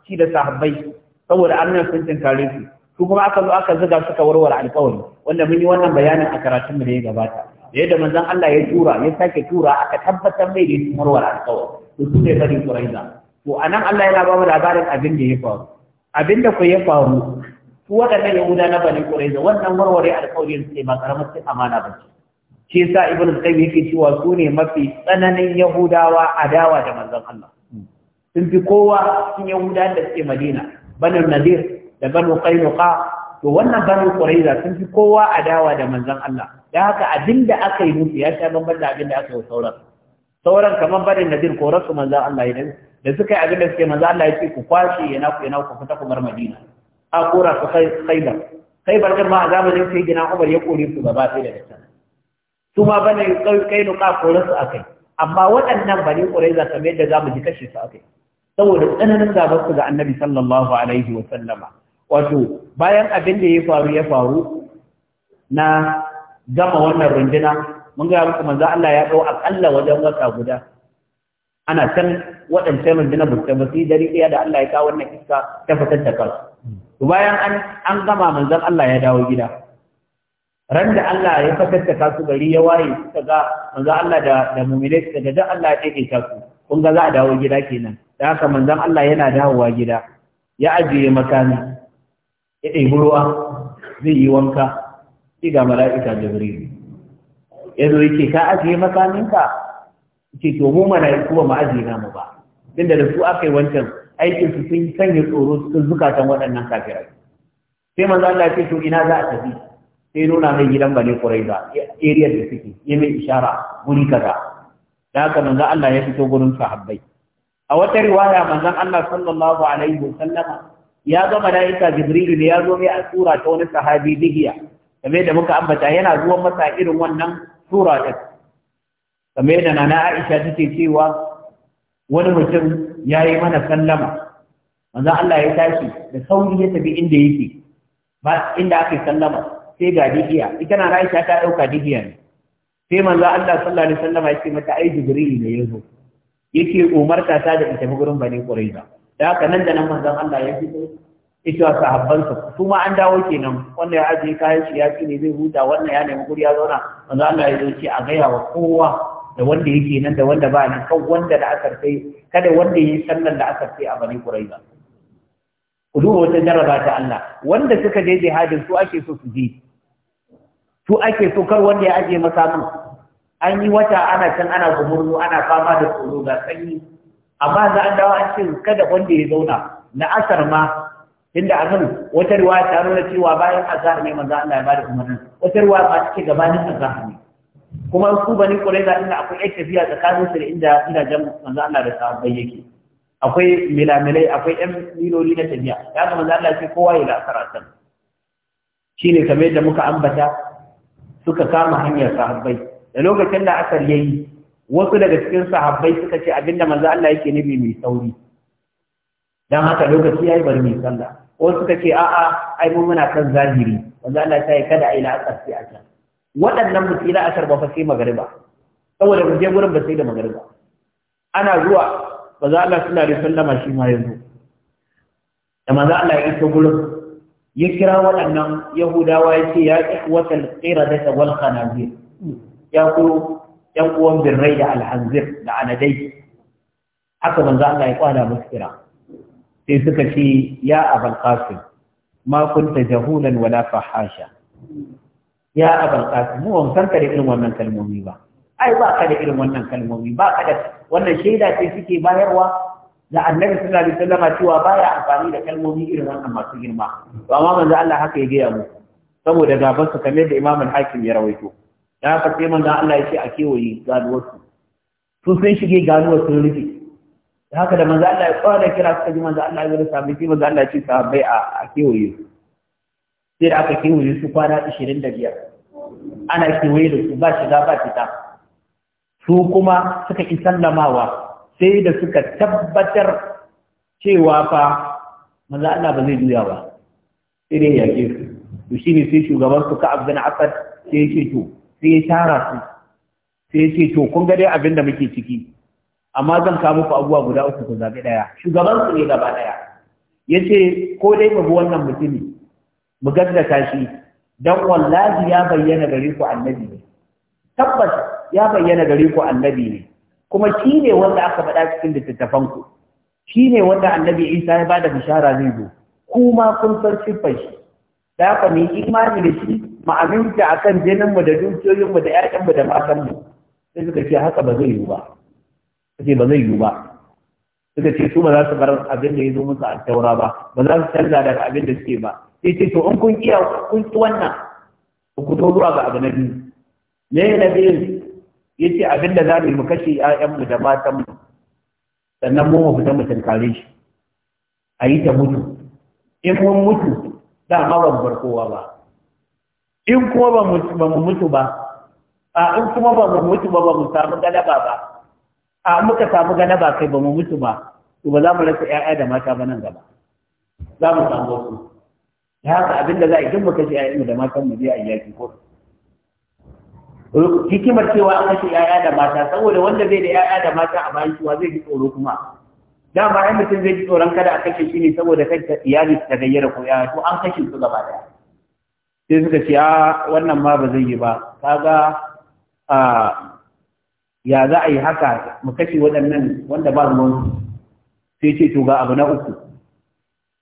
shi da sahabbai saboda annan sun tinkare su su kuma aka zo aka zuga suka warware alƙawari wanda mun yi wannan bayanin a karatunmu da ya gabata yadda manzon Allah ya tura ya sake tura aka tabbatar mai da sun warware alƙawari to su ne bari Quraiza to anan Allah yana ba mu labarin abin da ya faru abin da ku ya faru su waɗannan Yahuda na bani Quraiza wannan warware alƙawari sai ba karamar sai amana ba ce shi yasa Ibn Qayyim yake cewa su ne mafi tsananin Yahudawa adawa da manzon Allah sun fi kowa sun Yahuda da suke Madina bani Nadir da bani Qainuqa to wannan bani Quraiza sun fi kowa adawa da manzan Allah da haka abin da aka yi musu ya sha bambam da abin da aka yi sauran sauran kamar barin nadir ko rasu manzo Allah ya da suka yi abin da suke manzo Allah ya ce ku kwashe yana ku yana ku fita ku bar Madina a kora su Khaibar Khaibar din ma a zamanin sai gina Umar ya kore su gaba sai da dukkan su ma bane kai nuka korar su akai amma waɗannan bani Quraiza kamar yadda zamu ji kashe su akai saboda tsananin gabar su ga Annabi sallallahu alaihi wa sallama wato bayan abin da ya faru ya faru na gama wannan runduna mun ga muku manzo Allah ya dau akalla wajen wata guda ana san waɗancan rundunar mutum ba sai dare ɗaya da Allah ya kawo wannan iska ta fitar da kansu to bayan an an gama manzo Allah ya dawo gida ran da Allah ya fitar da kansu gari ya waye suka ga manzo Allah da da mu'minai suka ga Allah ya take su, kun ga za a dawo gida kenan da haka manzo Allah yana dawowa gida ya ajiye makami ya ɗebi ruwa zai yi wanka shi ga mala'ika jibril zo yake ka ajiye makaminka ce to mu mala'iku ba mu ajiye namu ba tunda da su aka yi wancan aikin su sun sanya tsoro sun zukatan waɗannan kafirai sai manzo Allah ya ce to ina za a tafi sai nuna mai gidan bane Quraiza area da suke ya mai ishara guri kaza da haka manzo Allah ya fito gurin sahabbai a wata riwaya manzo Allah sallallahu alaihi wasallama ya ga mala'ika Jibril ne ya zo mai a tsura ta wani sahabi Lihiya kamar yadda muka ambata yana zuwa masa irin wannan tura ɗin kamar yadda nana Aisha take cewa wani mutum ya yi mana sallama manzon Allah ya tashi da sauri ya tafi inda yake ba inda aka sallama sai ga dihiya ita na Aisha ta ɗauka dihiya ne sai manzo Allah sallallahu alaihi wasallam ya ce mata ai Jibril ne yazo yake umarta ta da ita gurin Bani Quraiza da haka nan da nan manzon Allah ya fito ita habbansu su ma an dawo kenan wannan ya ajiye kayan shi ya ci ne zai huta wannan ya nemi guri ya zauna manzo Allah ya yi a gaya wa kowa da wanda yake nan da wanda ba nan kan wanda da aka sai kada wanda yi sannan da aka sai a bani ba ku duba wata jarraba ta Allah wanda suka je jihadin su ake so su je su ake so kar wanda ya ajiye masa mu an yi wata ana can ana gumurzu ana fama da tsoro ga sanyi amma za an dawo an ce kada wanda ya zauna na asar ma Inda akan wata ruwa ta nuna cewa bayan azhar ne manzo Allah ya bada umarni. wata ruwa ba take gabanin azhar ne kuma su bani quraiza inda akwai ai tafiya tsakanin su da ina gidajen manzo Allah da sahabbai yake akwai milamilai akwai ɗan miloli na tafiya ya ga manzo Allah sai kowa ya la'asara san shine kamar yadda muka ambata suka kama hanyar sahabbai da lokacin da asar yayi wasu daga cikin sahabbai suka ce abinda manzo Allah yake nabi mai sauri dan haka lokaci ya yi bari mai sallah wasu suka ce a'a ai mun muna kan zahiri wanda Allah ya yi kada a ai la'asar sai a can waɗannan mutum su yi la'asar ba fa sai magariba saboda mu je gurin ba sai da magariba ana zuwa ba za Allah suna da sallama shi ma yanzu da maza Allah ya isa gurin ya kira waɗannan yahudawa ya ce ya ikhwatal qiradata wal khanazir ya ku yan uwan birrai da alhanzir da anadai haka manzo Allah ya kwada musu kira sai suka ce ya abal qasim ma kunta jahulan wala fahasha ya abal qasim mu ban san ka da irin wannan kalmomi ba ai ba ka da irin wannan kalmomi ba ka da wannan shaida ce suke bayarwa da annabi sallallahu alaihi wasallam cewa baya amfani da kalmomi irin wannan masu girma to amma manzo Allah haka ya gaya mu saboda gaban su kamar da Imam hakim ya rawaito da haka sai manzo Allah ya ce a kewaye gaduwar su to sun shige gaduwar sun rufe da haka da manzo Allah ya kwana kira suka ji manzo Allah ya zo sabbi manzo Allah ya ce sahabbai a kewaye su sai da aka kewaye su kwana 25 ana kewaye da su ba shiga ba fita su kuma suka ki sallamawa sai da suka tabbatar cewa fa manzo Allah ba zai juya ba sai dai ya ke su shi ne sai shugaban su ka bin Asad sai ya ce to sai ya tara su sai ya ce to kun ga dai abin da muke ciki amma zan kawo muku abubuwa guda uku ku zabi daya shugaban su ne gaba daya ce ko dai mu bi wannan mutumi mu gaddata shi dan wallahi ya bayyana gare ku annabi ne tabbas ya bayyana gare ku annabi ne kuma shi ne wanda aka faɗa cikin littattafan ku shi ne wanda annabi Isa ya bada bishara zai zo kuma kun san siffar shi da haka ne imani da shi mu aminta akan da dukiyoyin da ƴaƴan mu da matan mu sai suka ce haka ba zai yiwu ba ce ba zai yiwu ba suka ce su ba za su bar abin da ya zo musu a taura ba ba za su canza daga abin da suke ba sai ce to in kun iya kun ci wannan ku to zuwa ga abu na biyu ne na ya ce abin da za mu yi mu kashe ƴaƴanmu da matanmu sannan mu mu fita mu tunkare shi a yi ta mutu in mun mutu da ma ban bar kowa ba in kuma ba mu mutu ba a in kuma ba mu mutu ba ba mu samu galaba ba a muka samu gana ba kai ba mu mutu ba to ba za mu rasa ƴaƴa da mata ba nan gaba za mu samu wasu da haka abin da za a yi duk mu kashe ƴaƴanmu da matan mu je a yaki ko hikimar cewa an kashe ƴaƴa da mata saboda wanda zai da ƴaƴa da mata a bayan shi zai ji tsoro kuma dama ai mutum zai ji tsoron kada a kashe shi ne saboda ta iyali ta gayyara ko ƴaƴa to an kashe su gaba daya sai suka ce a ah, wannan ma ba zai yi ba kaga a ah, ya za a yi haka mu kashe waɗannan wanda ba ruwan sai ce to ga abu na uku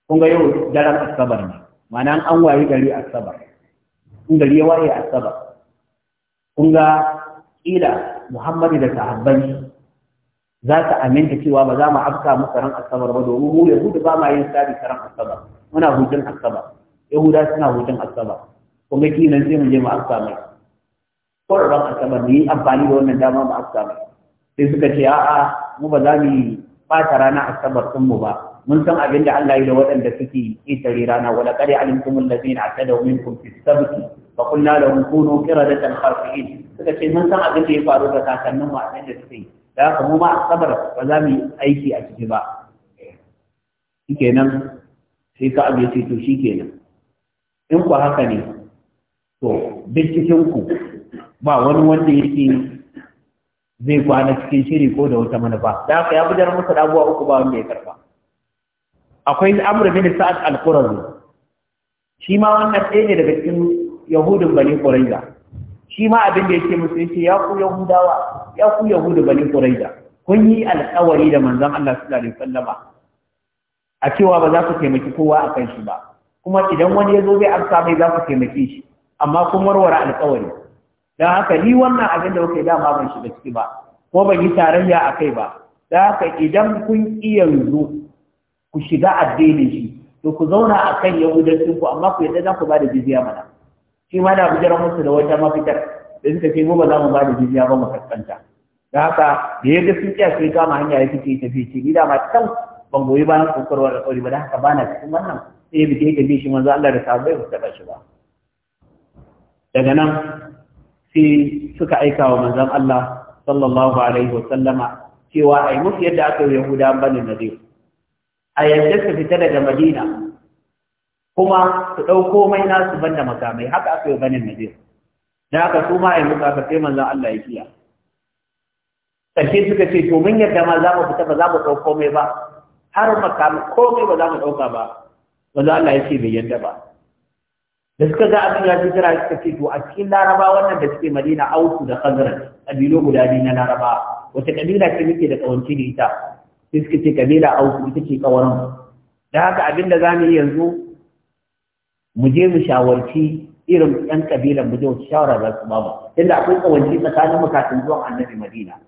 kun ga yau daren asabar ne ma'ana an waye gari asabar kun gari ya waye asabar kun ga kila muhammadu da sahabban za ta aminta cewa ba za mu afka musu ran asabar ba domin mu yahudu ba ma yin sabi ran asabar muna hutun asabar yahuda suna hutun asabar kuma kinan sai mu je mu afka mai ƙwararren asabar da yi amfani da wannan dama ba a sai suka ce a'a mu ba za mu ɓata rana asabar sun mu ba mun san abin da Allah yi da waɗanda suke ƙetare rana wala na alimtum da wani minkum fi sabti fa qulna lahum kunu qiradatan khasi'in suka ce mun san abin da ya faru da kakannin mu abin da suke da haka mu ma asabar ba za mu yi aiki a ciki ba shikenan sai ka abin sai to shikenan in ku haka ne to bincikin ku ba wani wanda yake zai kwana cikin shiri ko da wata manufa da aka ya bujar masa da abuwa uku ba wanda ya karba akwai amru bin sa'ad al-qurazi shi ma wannan ɗaya ne daga cikin yahudun bani quraiza shi ma abin da yake musu yace ya ku yahudawa ya ku yahudu bani quraiza kun yi alƙawari da manzon Allah sallallahu alaihi wasallama a cewa ba za ku taimaki kowa akan shi ba kuma idan wani ya zo bai amsa mai za ku taimake shi amma kun warware alƙawari don haka ni wannan abin da kuka dama ban shiga ciki ba ko ban yi tarayya a kai ba don haka idan kun iya yanzu ku shiga addinin shi to ku zauna a kan yahudancin ku amma ku yadda za ku ba da jizya mana shi ma da bujiran musu da wata mafitar da suka ce mu ba za mu bada da jizya ba mu kaskanta da haka da yadda sun a sai kama hanya ya fice tafi ce ni da ma can ban goyi bayan kokarwa da kauri ba da haka bana cikin wannan sai bi da yake shi manzo Allah da sabai ba ta shi ba daga nan sai suka aika wa manzon Allah sallallahu alaihi wa sallama cewa ai musu yadda aka yi Yahuda bani nabi a yadda su fita daga Madina kuma su ɗau komai nasu banda makamai haka aka yi bani nabi dan haka su ma ai musu aka sai manzon Allah ya kiya sai suka ce to mun yadda ma za mu fita ba za mu ɗau komai ba har makamai komai ba za mu ɗauka ba manzon Allah ya ce bai yadda ba da suka ga abin ya shekara suka ce to a cikin laraba wannan da suke madina ausu da khazraj kabilo guda biyu na laraba wata kabila ce muke da kawance da ita sai suka ce kabila ausu ita ce kawarin da haka abin da za mu yi yanzu mu je mu shawarci irin yan kabilan mu je mu shawara za su bamu inda akwai kawance tsakanin kafin zuwan annabi madina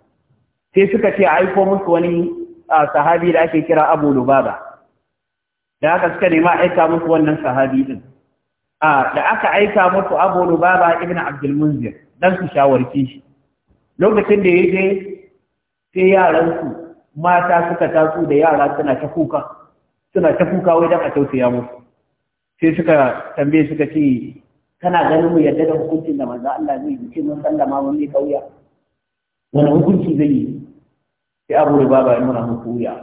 sai suka ce aiko musu wani sahabi da ake kira abu lubaba da haka suka nema aika musu wannan sahabi din a da aka aika musu Abu Lubaba ibn Abdul Munzir dan su shawarci shi lokacin da yaje sai yaran su mata suka taso da yara suna ta kuka suna ta kuka wai dan a tausaya musu sai suka tambaye suka ce kana ganin mu yadda da hukuncin da manzo Allah zai yi ce sallama mun ne kauya wani hukunci zai yi sai Abu Lubaba ibn Abdul Munzir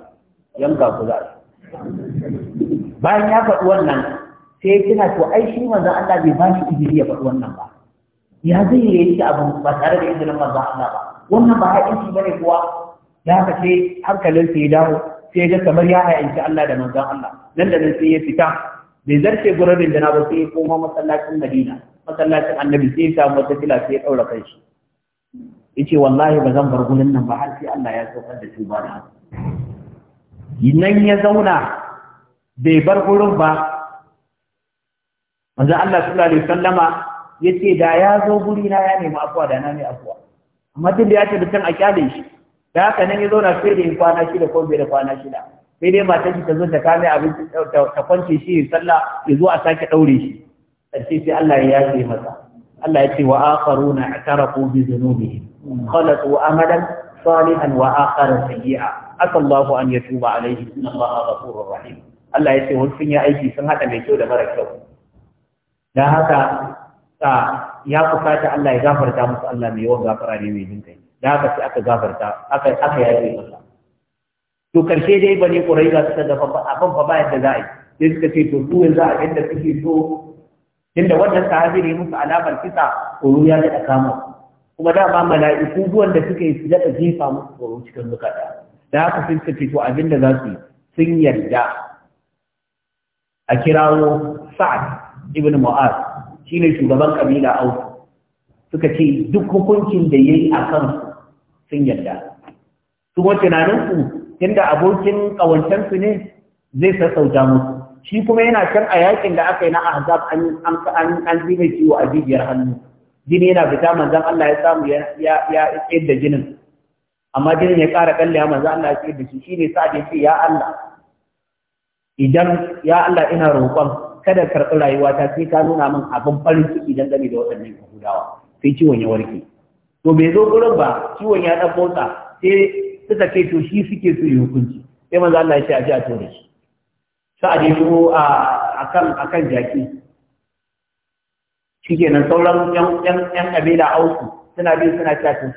yanka ku bayan ya faɗi wannan sai ya tuna to ai shi manzon Allah bai ba shi ibili ya faɗi wannan ba ya zai yi shi abu ba tare da izinin manzon Allah ba wannan ba shi bane kuwa da haka sai hankalin sai ya dawo sai ga kamar ya hayanci Allah da manzon Allah nan da nan sai ya fita bai zarce gurbin da na ba sai ya koma masallacin Madina masallacin Annabi sai ya samu wata fila sai ya daura shi yace wallahi ba zan bar gurin nan ba har sai Allah ya saukar da ba da nan ya zauna bai bar gurin ba manzo Allah sallallahu alaihi wasallama yace da ya zo guri na ya nemi afuwa da na ne afuwa amma tun da ya da can a kyale shi da haka nan ya zauna sai da in kwana shida ko bai da kwana shida sai dai matar shi ta zo ta kame abinci ta kwance shi ya sallah ya zo a sake daure shi sai sai Allah ya yafe masa Allah ya ce wa akharuna i'tarafu bi dhunubihim khalatu amalan salihan wa akhara sayyi'a asallahu an yatuba alayhi inna allaha ghafurur rahim Allah ya ce wasu sun yi aiki sun hada mai kyau da mara kyau Da haka ya fusata Allah ya gafarta musu Allah mai yawan gafara ne mai jin kai da haka sai aka gafarta aka aka yaje masa to karshe dai bane da suka dafa ba abin ba yadda za a yi sai suka ce to su yanzu a inda kake so inda wannan sahabi ne musu alamar kisa tsoro ya daɗa kama kuma ba mala'iku duwan da suka yi su daɗa jefa musu tsoro cikin zukata da haka sai suka ce to abin da za su yi sun yarda a kirawo sa'ad ibn mu'az shine shugaban kabila aus suka ce duk hukuncin da yayi a su sun yarda su kuma tunaninsu tunda abokin su ne zai sassauta musu shi kuma yana can a yakin da aka yi na ahzab an an an zibe ciwo a jijiyar hannu jini yana fita manzon Allah ya samu ya ya tsayar da jinin amma jinin ya ƙara kallewa manzon Allah ya tsayar da shi shine sa da ya ce ya Allah idan ya Allah ina roƙon kada karɓi rayuwata sai ka nuna min abin farin ciki don game da waɗannan yahudawa sai ciwon ya warke to bai zo gurin ba ciwon ya ɗan motsa sai suka ce to shi suke so yi hukunci sai manzo Allah ya ce a ji a tore shi a je shiro a akan akan jaki shikenan sauran yan yan yan kabila ausu suna bi suna cewa to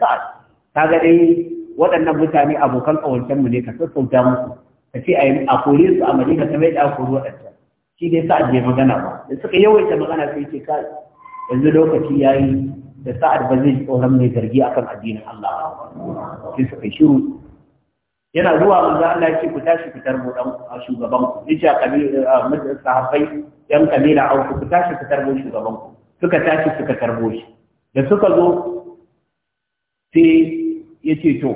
ta ga dai waɗannan mutane abokan ƙawancen mu ne ka sassauta musu ka ce a kore su a madina kamar yadda aka kore waɗancan shi dai sa'ad bai magana ba da suka yawaita magana sai ce kai yanzu lokaci yayi da sa'ad ba zai tsoron mai zargi akan addinin Allah sai suka shiru yana zuwa manzo Allah ya ce ku tashi ku tarbo dan shugaban ku yace a kabilar sahabbai yan kabila au ku tashi ku tarbo shugaban ku suka tashi suka tarbo shi da suka zo sai ya ce to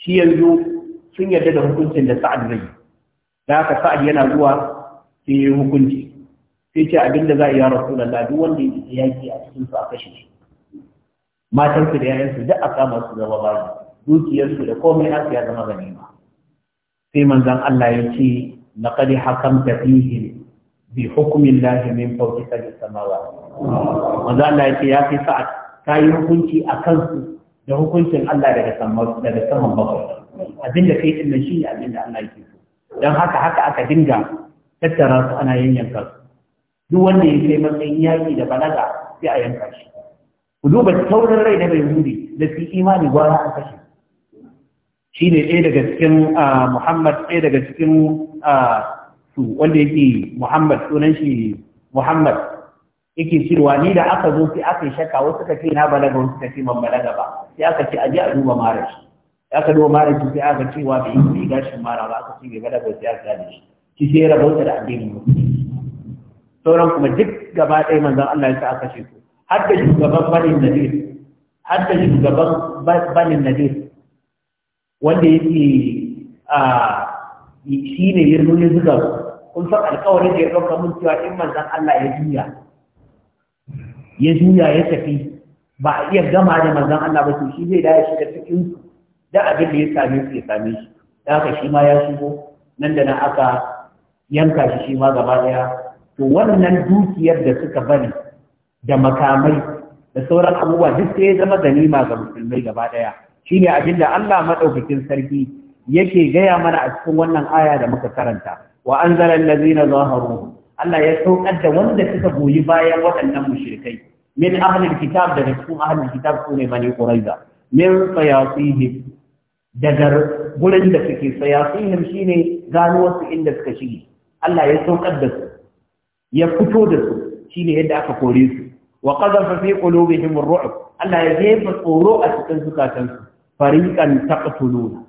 shi yanzu sun yarda da hukuncin da Sa'ad zai yi. da haka Sa'ad yana zuwa sai ya yi hukunci sai ce abinda za a yi rasu da duk wanda ya yaki a cikin su a kashe shi matansu da su duk a kama su zama bayi dukiyarsu da komai nasu ya zama ganima sai manzon Allah ya ce na hakan ta fihim bi hukumin lahi min fawqi sab'i man manzon Allah ya ce ya fi sa'ad ta yi hukunci a kansu da hukuncin Allah daga saman daga saman bakwai abinda kai din nan abinda Allah yake so dan haka haka aka dinga tattara su ana yanyanka su duk wanda ya kai matsayin yaƙi da balaga sai a yanka shi ku duba taurin rai na mai hudu da fi imani gwara an kashe shi ne ɗaya daga cikin muhammad ɗaya daga cikin su wanda yake muhammad sunan shi muhammad yake cewa ni da aka zo sai aka yi shakka wasu ka ce na balaga wasu ka ce ban balaga ba sai aka ce aje a duba marashi aka duba marashi sai aka cewa bai yi gashin mara ba aka ce bai balaga sai aka gane shi Ki sai rabauta da addinin sauran kuma duk gaba ɗaya manzon Allah ya sa aka ce har da shugaban banin nadir har da shugaban banin nadir wanda yake a shi ne ya zo ya zuga kun san alƙawarin da ya ɗauka mun cewa in manzon Allah ya juya ya juya ya tafi ba a iya gama da manzon Allah ba to shi zai da shi da cikin da abin da ya same su ya same shi da haka shi ma ya shigo nan da nan aka yanka shi shi ma gaba daya to wannan dukiyar da suka bari da makamai da sauran abubuwa duk sai ya zama ganima ga musulmai gaba daya shine abin da Allah madaukakin sarki yake gaya mana a cikin wannan aya da muka karanta wa anzala allazina zaharu Allah ya saukar da wanda suka goyi bayan waɗannan mushrikai min ahlil kitab daga cikin ahlil kitab sune bani quraiza min sayasihim daga gurin da suke sayasihim shine gano wasu inda suka shige Allah ya saukar da su ya fito da su shine yadda aka kore su wa qadhafa fi qulubihim ar-ru'b Allah ya jefa tsoro a cikin zukatansu fariqan taqtuluna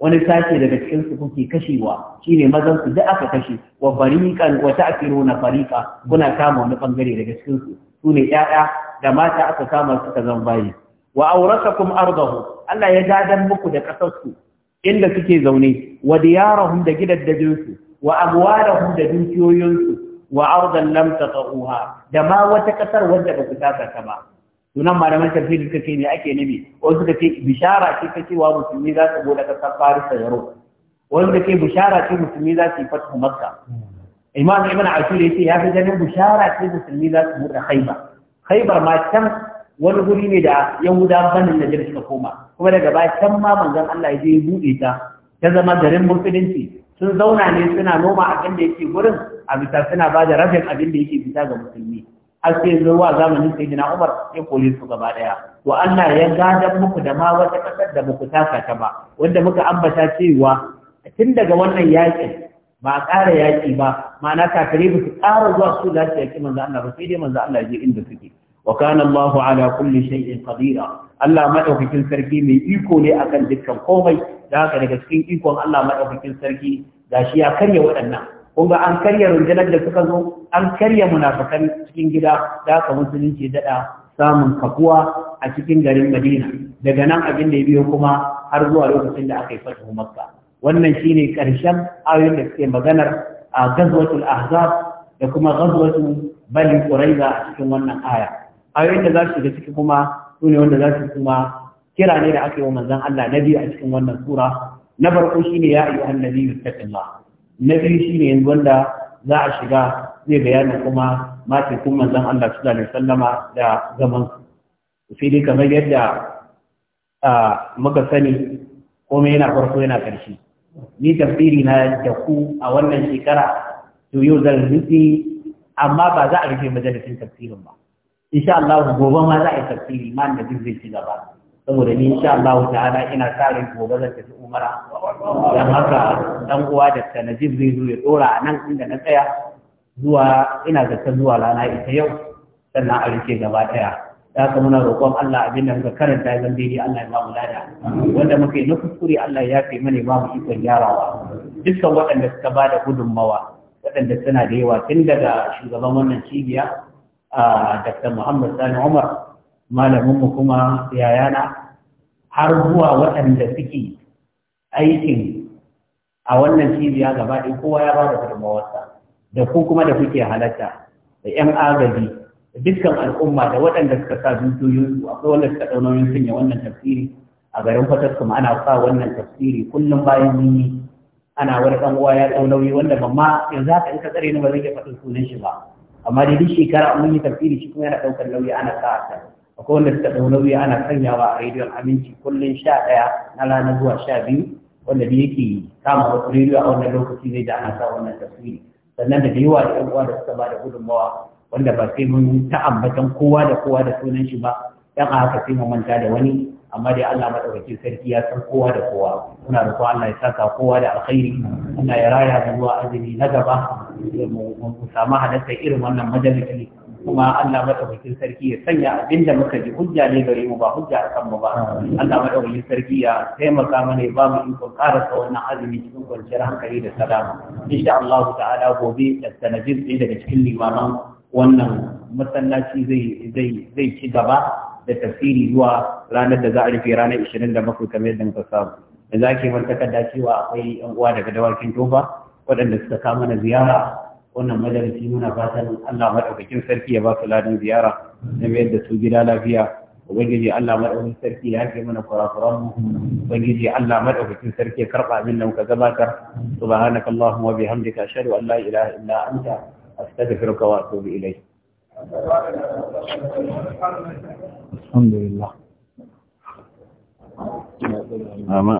wani sace daga cikin su kuke kashewa shine mazan su da aka kashe wa fariqan wa ta'tiruna fariqa kuna kama wani bangare daga cikin su sune yaya da mata aka kama ka zan bayi wa auratakum ardahu Allah ya gadan muku da kasar su inda suke zaune wa diyarahum da gidaddajin su wa amwalahum da dukiyoyinsu wa ardan lam tatahuha da ma wata kasar wanda ba ku taka ta ba sunan malaman tafsir suka ce ne ake nabi wasu suka ce bishara ce ta cewa musulmi za su bude kasar Faris da Yaro wasu suka ce bishara ce musulmi za su yi fatu Makka Imam Ibn Ashur yace ya fi ganin bishara ce musulmi za su bude Khaibar Khaibar ma can wani guri ne da Yahuda banin Najar suka koma kuma daga baya can ma manzon Allah ya je ya bude ta ta zama garin musulunci sun zauna ne suna noma abin da yake gurin a bisa suna ba da rafin abin da yake bisa ga musulmi har sai zuwa zamanin sai sayyidina Umar ya koli su gaba daya to Allah ya gadan muku da ma wata kasar da muku taka ta ba wanda muka ambata cewa tun daga wannan yakin ba a ƙara yaƙi ba ma'ana kafirai ba su ƙara zuwa su lafiya su yaki manzo Allah ba sai dai manzo Allah ya je inda suke wa ala kulli shay'in qadira Allah madaukakin sarki mai iko ne akan dukkan komai da haka daga cikin ikon Allah madaukakin sarki gashi ya karya waɗannan kun ga an karya rundunar da suka zo an karya munafikan cikin gida da haka musulunci daɗa samun kafuwa a cikin garin Madina daga nan abin da ya biyo kuma har zuwa lokacin da aka yi fatahu Makka wannan shine karshen ayoyin da suke maganar a Ghazwatul Ahzab da kuma Ghazwatul Bani Quraiza a cikin wannan aya ayoyin da za su shiga ciki kuma su ne wanda za su kuma kira ne da aka yi wa manzan Allah na biyu a cikin wannan sura na farko shine ya ayyuha annabiyyu taqillah na biyu shine yanzu wanda za a shiga zai bayani kuma matikun manzan Allah su zane sallama da zaman fi dai kamar yadda muka sani komai yana farko yana ƙarshe ni tafsiri na da ku a wannan shekara to yau zan rufe amma ba za a rufe majalisin tafsirin ba insha Allah gobe ma za a yi tafsiri ma da duk zai ci gaba saboda ni insha Allah ta'ala ina kare gobe zan tafi umara dan haka dan uwa da sanajin zai zo ya dora a nan inda na tsaya zuwa ina zata zuwa rana ita yau sannan a rike gaba daya da haka muna roƙon Allah abin da muka karanta zan zama daidai Allah ya ba mu lada wanda muka na kuskure Allah ya fi mana ba mu ikon gyarawa dukkan waɗanda suka ba da gudunmawa waɗanda suna da yawa tun daga shugaban wannan cibiya a Dr. Muhammad Sani Umar malaminmu kuma yayana har zuwa waɗanda suke aikin a wannan cibiya gaba ɗaya kowa ya ba da gudunmawarsa da ku kuma da kuke halatta da 'yan agaji da dukkan al'umma da waɗanda suka sa dukiyoyinsu akwai wanda suka ɗau sanya wannan tafsiri a garin fatar kuma ana sa wannan tafsiri kullum bayan yini ana wani ɗan uwa ya ɗau nauyi wanda ban ma yanzu haka in ka tsare ni ba zan iya faɗin sunan shi ba amma dai duk shekara mun yi tafsiri shi kuma yana ɗaukar nauyi ana sa a kan akwai wanda suka ɗau nauyi ana sanyawa a rediyon aminci kullum sha ɗaya na ranar zuwa sha biyu wanda da yake kama wasu rediyo a wannan lokaci zai da ana sa wannan tafsiri sannan da yawa da yan uwa da suka ba da gudunmawa wanda ba sai mun ta ambatan kowa da kowa da sunan shi ba dan aka haka sai mu manta da wani amma dai Allah madaukakin sarki ya san kowa da kowa muna roƙo Allah ya saka kowa da alkhairi Allah ya raya da zuwa azumi na gaba mu samu halatta irin wannan majalisi kuma Allah madaukakin sarki ya sanya abinda muka ji hujja ne gare mu ba hujja a kanmu ba Allah madaukakin sarki ya taimaka mana ya ba mu ikon karasa wannan azumi cikin kwanciyar hankali da salama insha Allah ta'ala gobe da sanajin daga cikin limaman wannan masallaci zai zai zai ci gaba da tafsiri zuwa ranar da za a rufe ranar 27 kamar yadda muka samu da za ke takarda cewa akwai yan uwa daga dawakin tofa waɗanda suka kama na ziyara wannan majalisi muna fatan Allah madaukakin sarki ya ba su ladan ziyara na mayar da su gida lafiya ubangiji Allah madaukakin sarki ya kai mana kurakuran ubangiji Allah maɗaukacin sarki ya karba abin da muka gabatar subhanakallahumma wa bihamdika ashhadu an la ilaha illa anta astaghfiruka wa atubu ilayk الحمد لله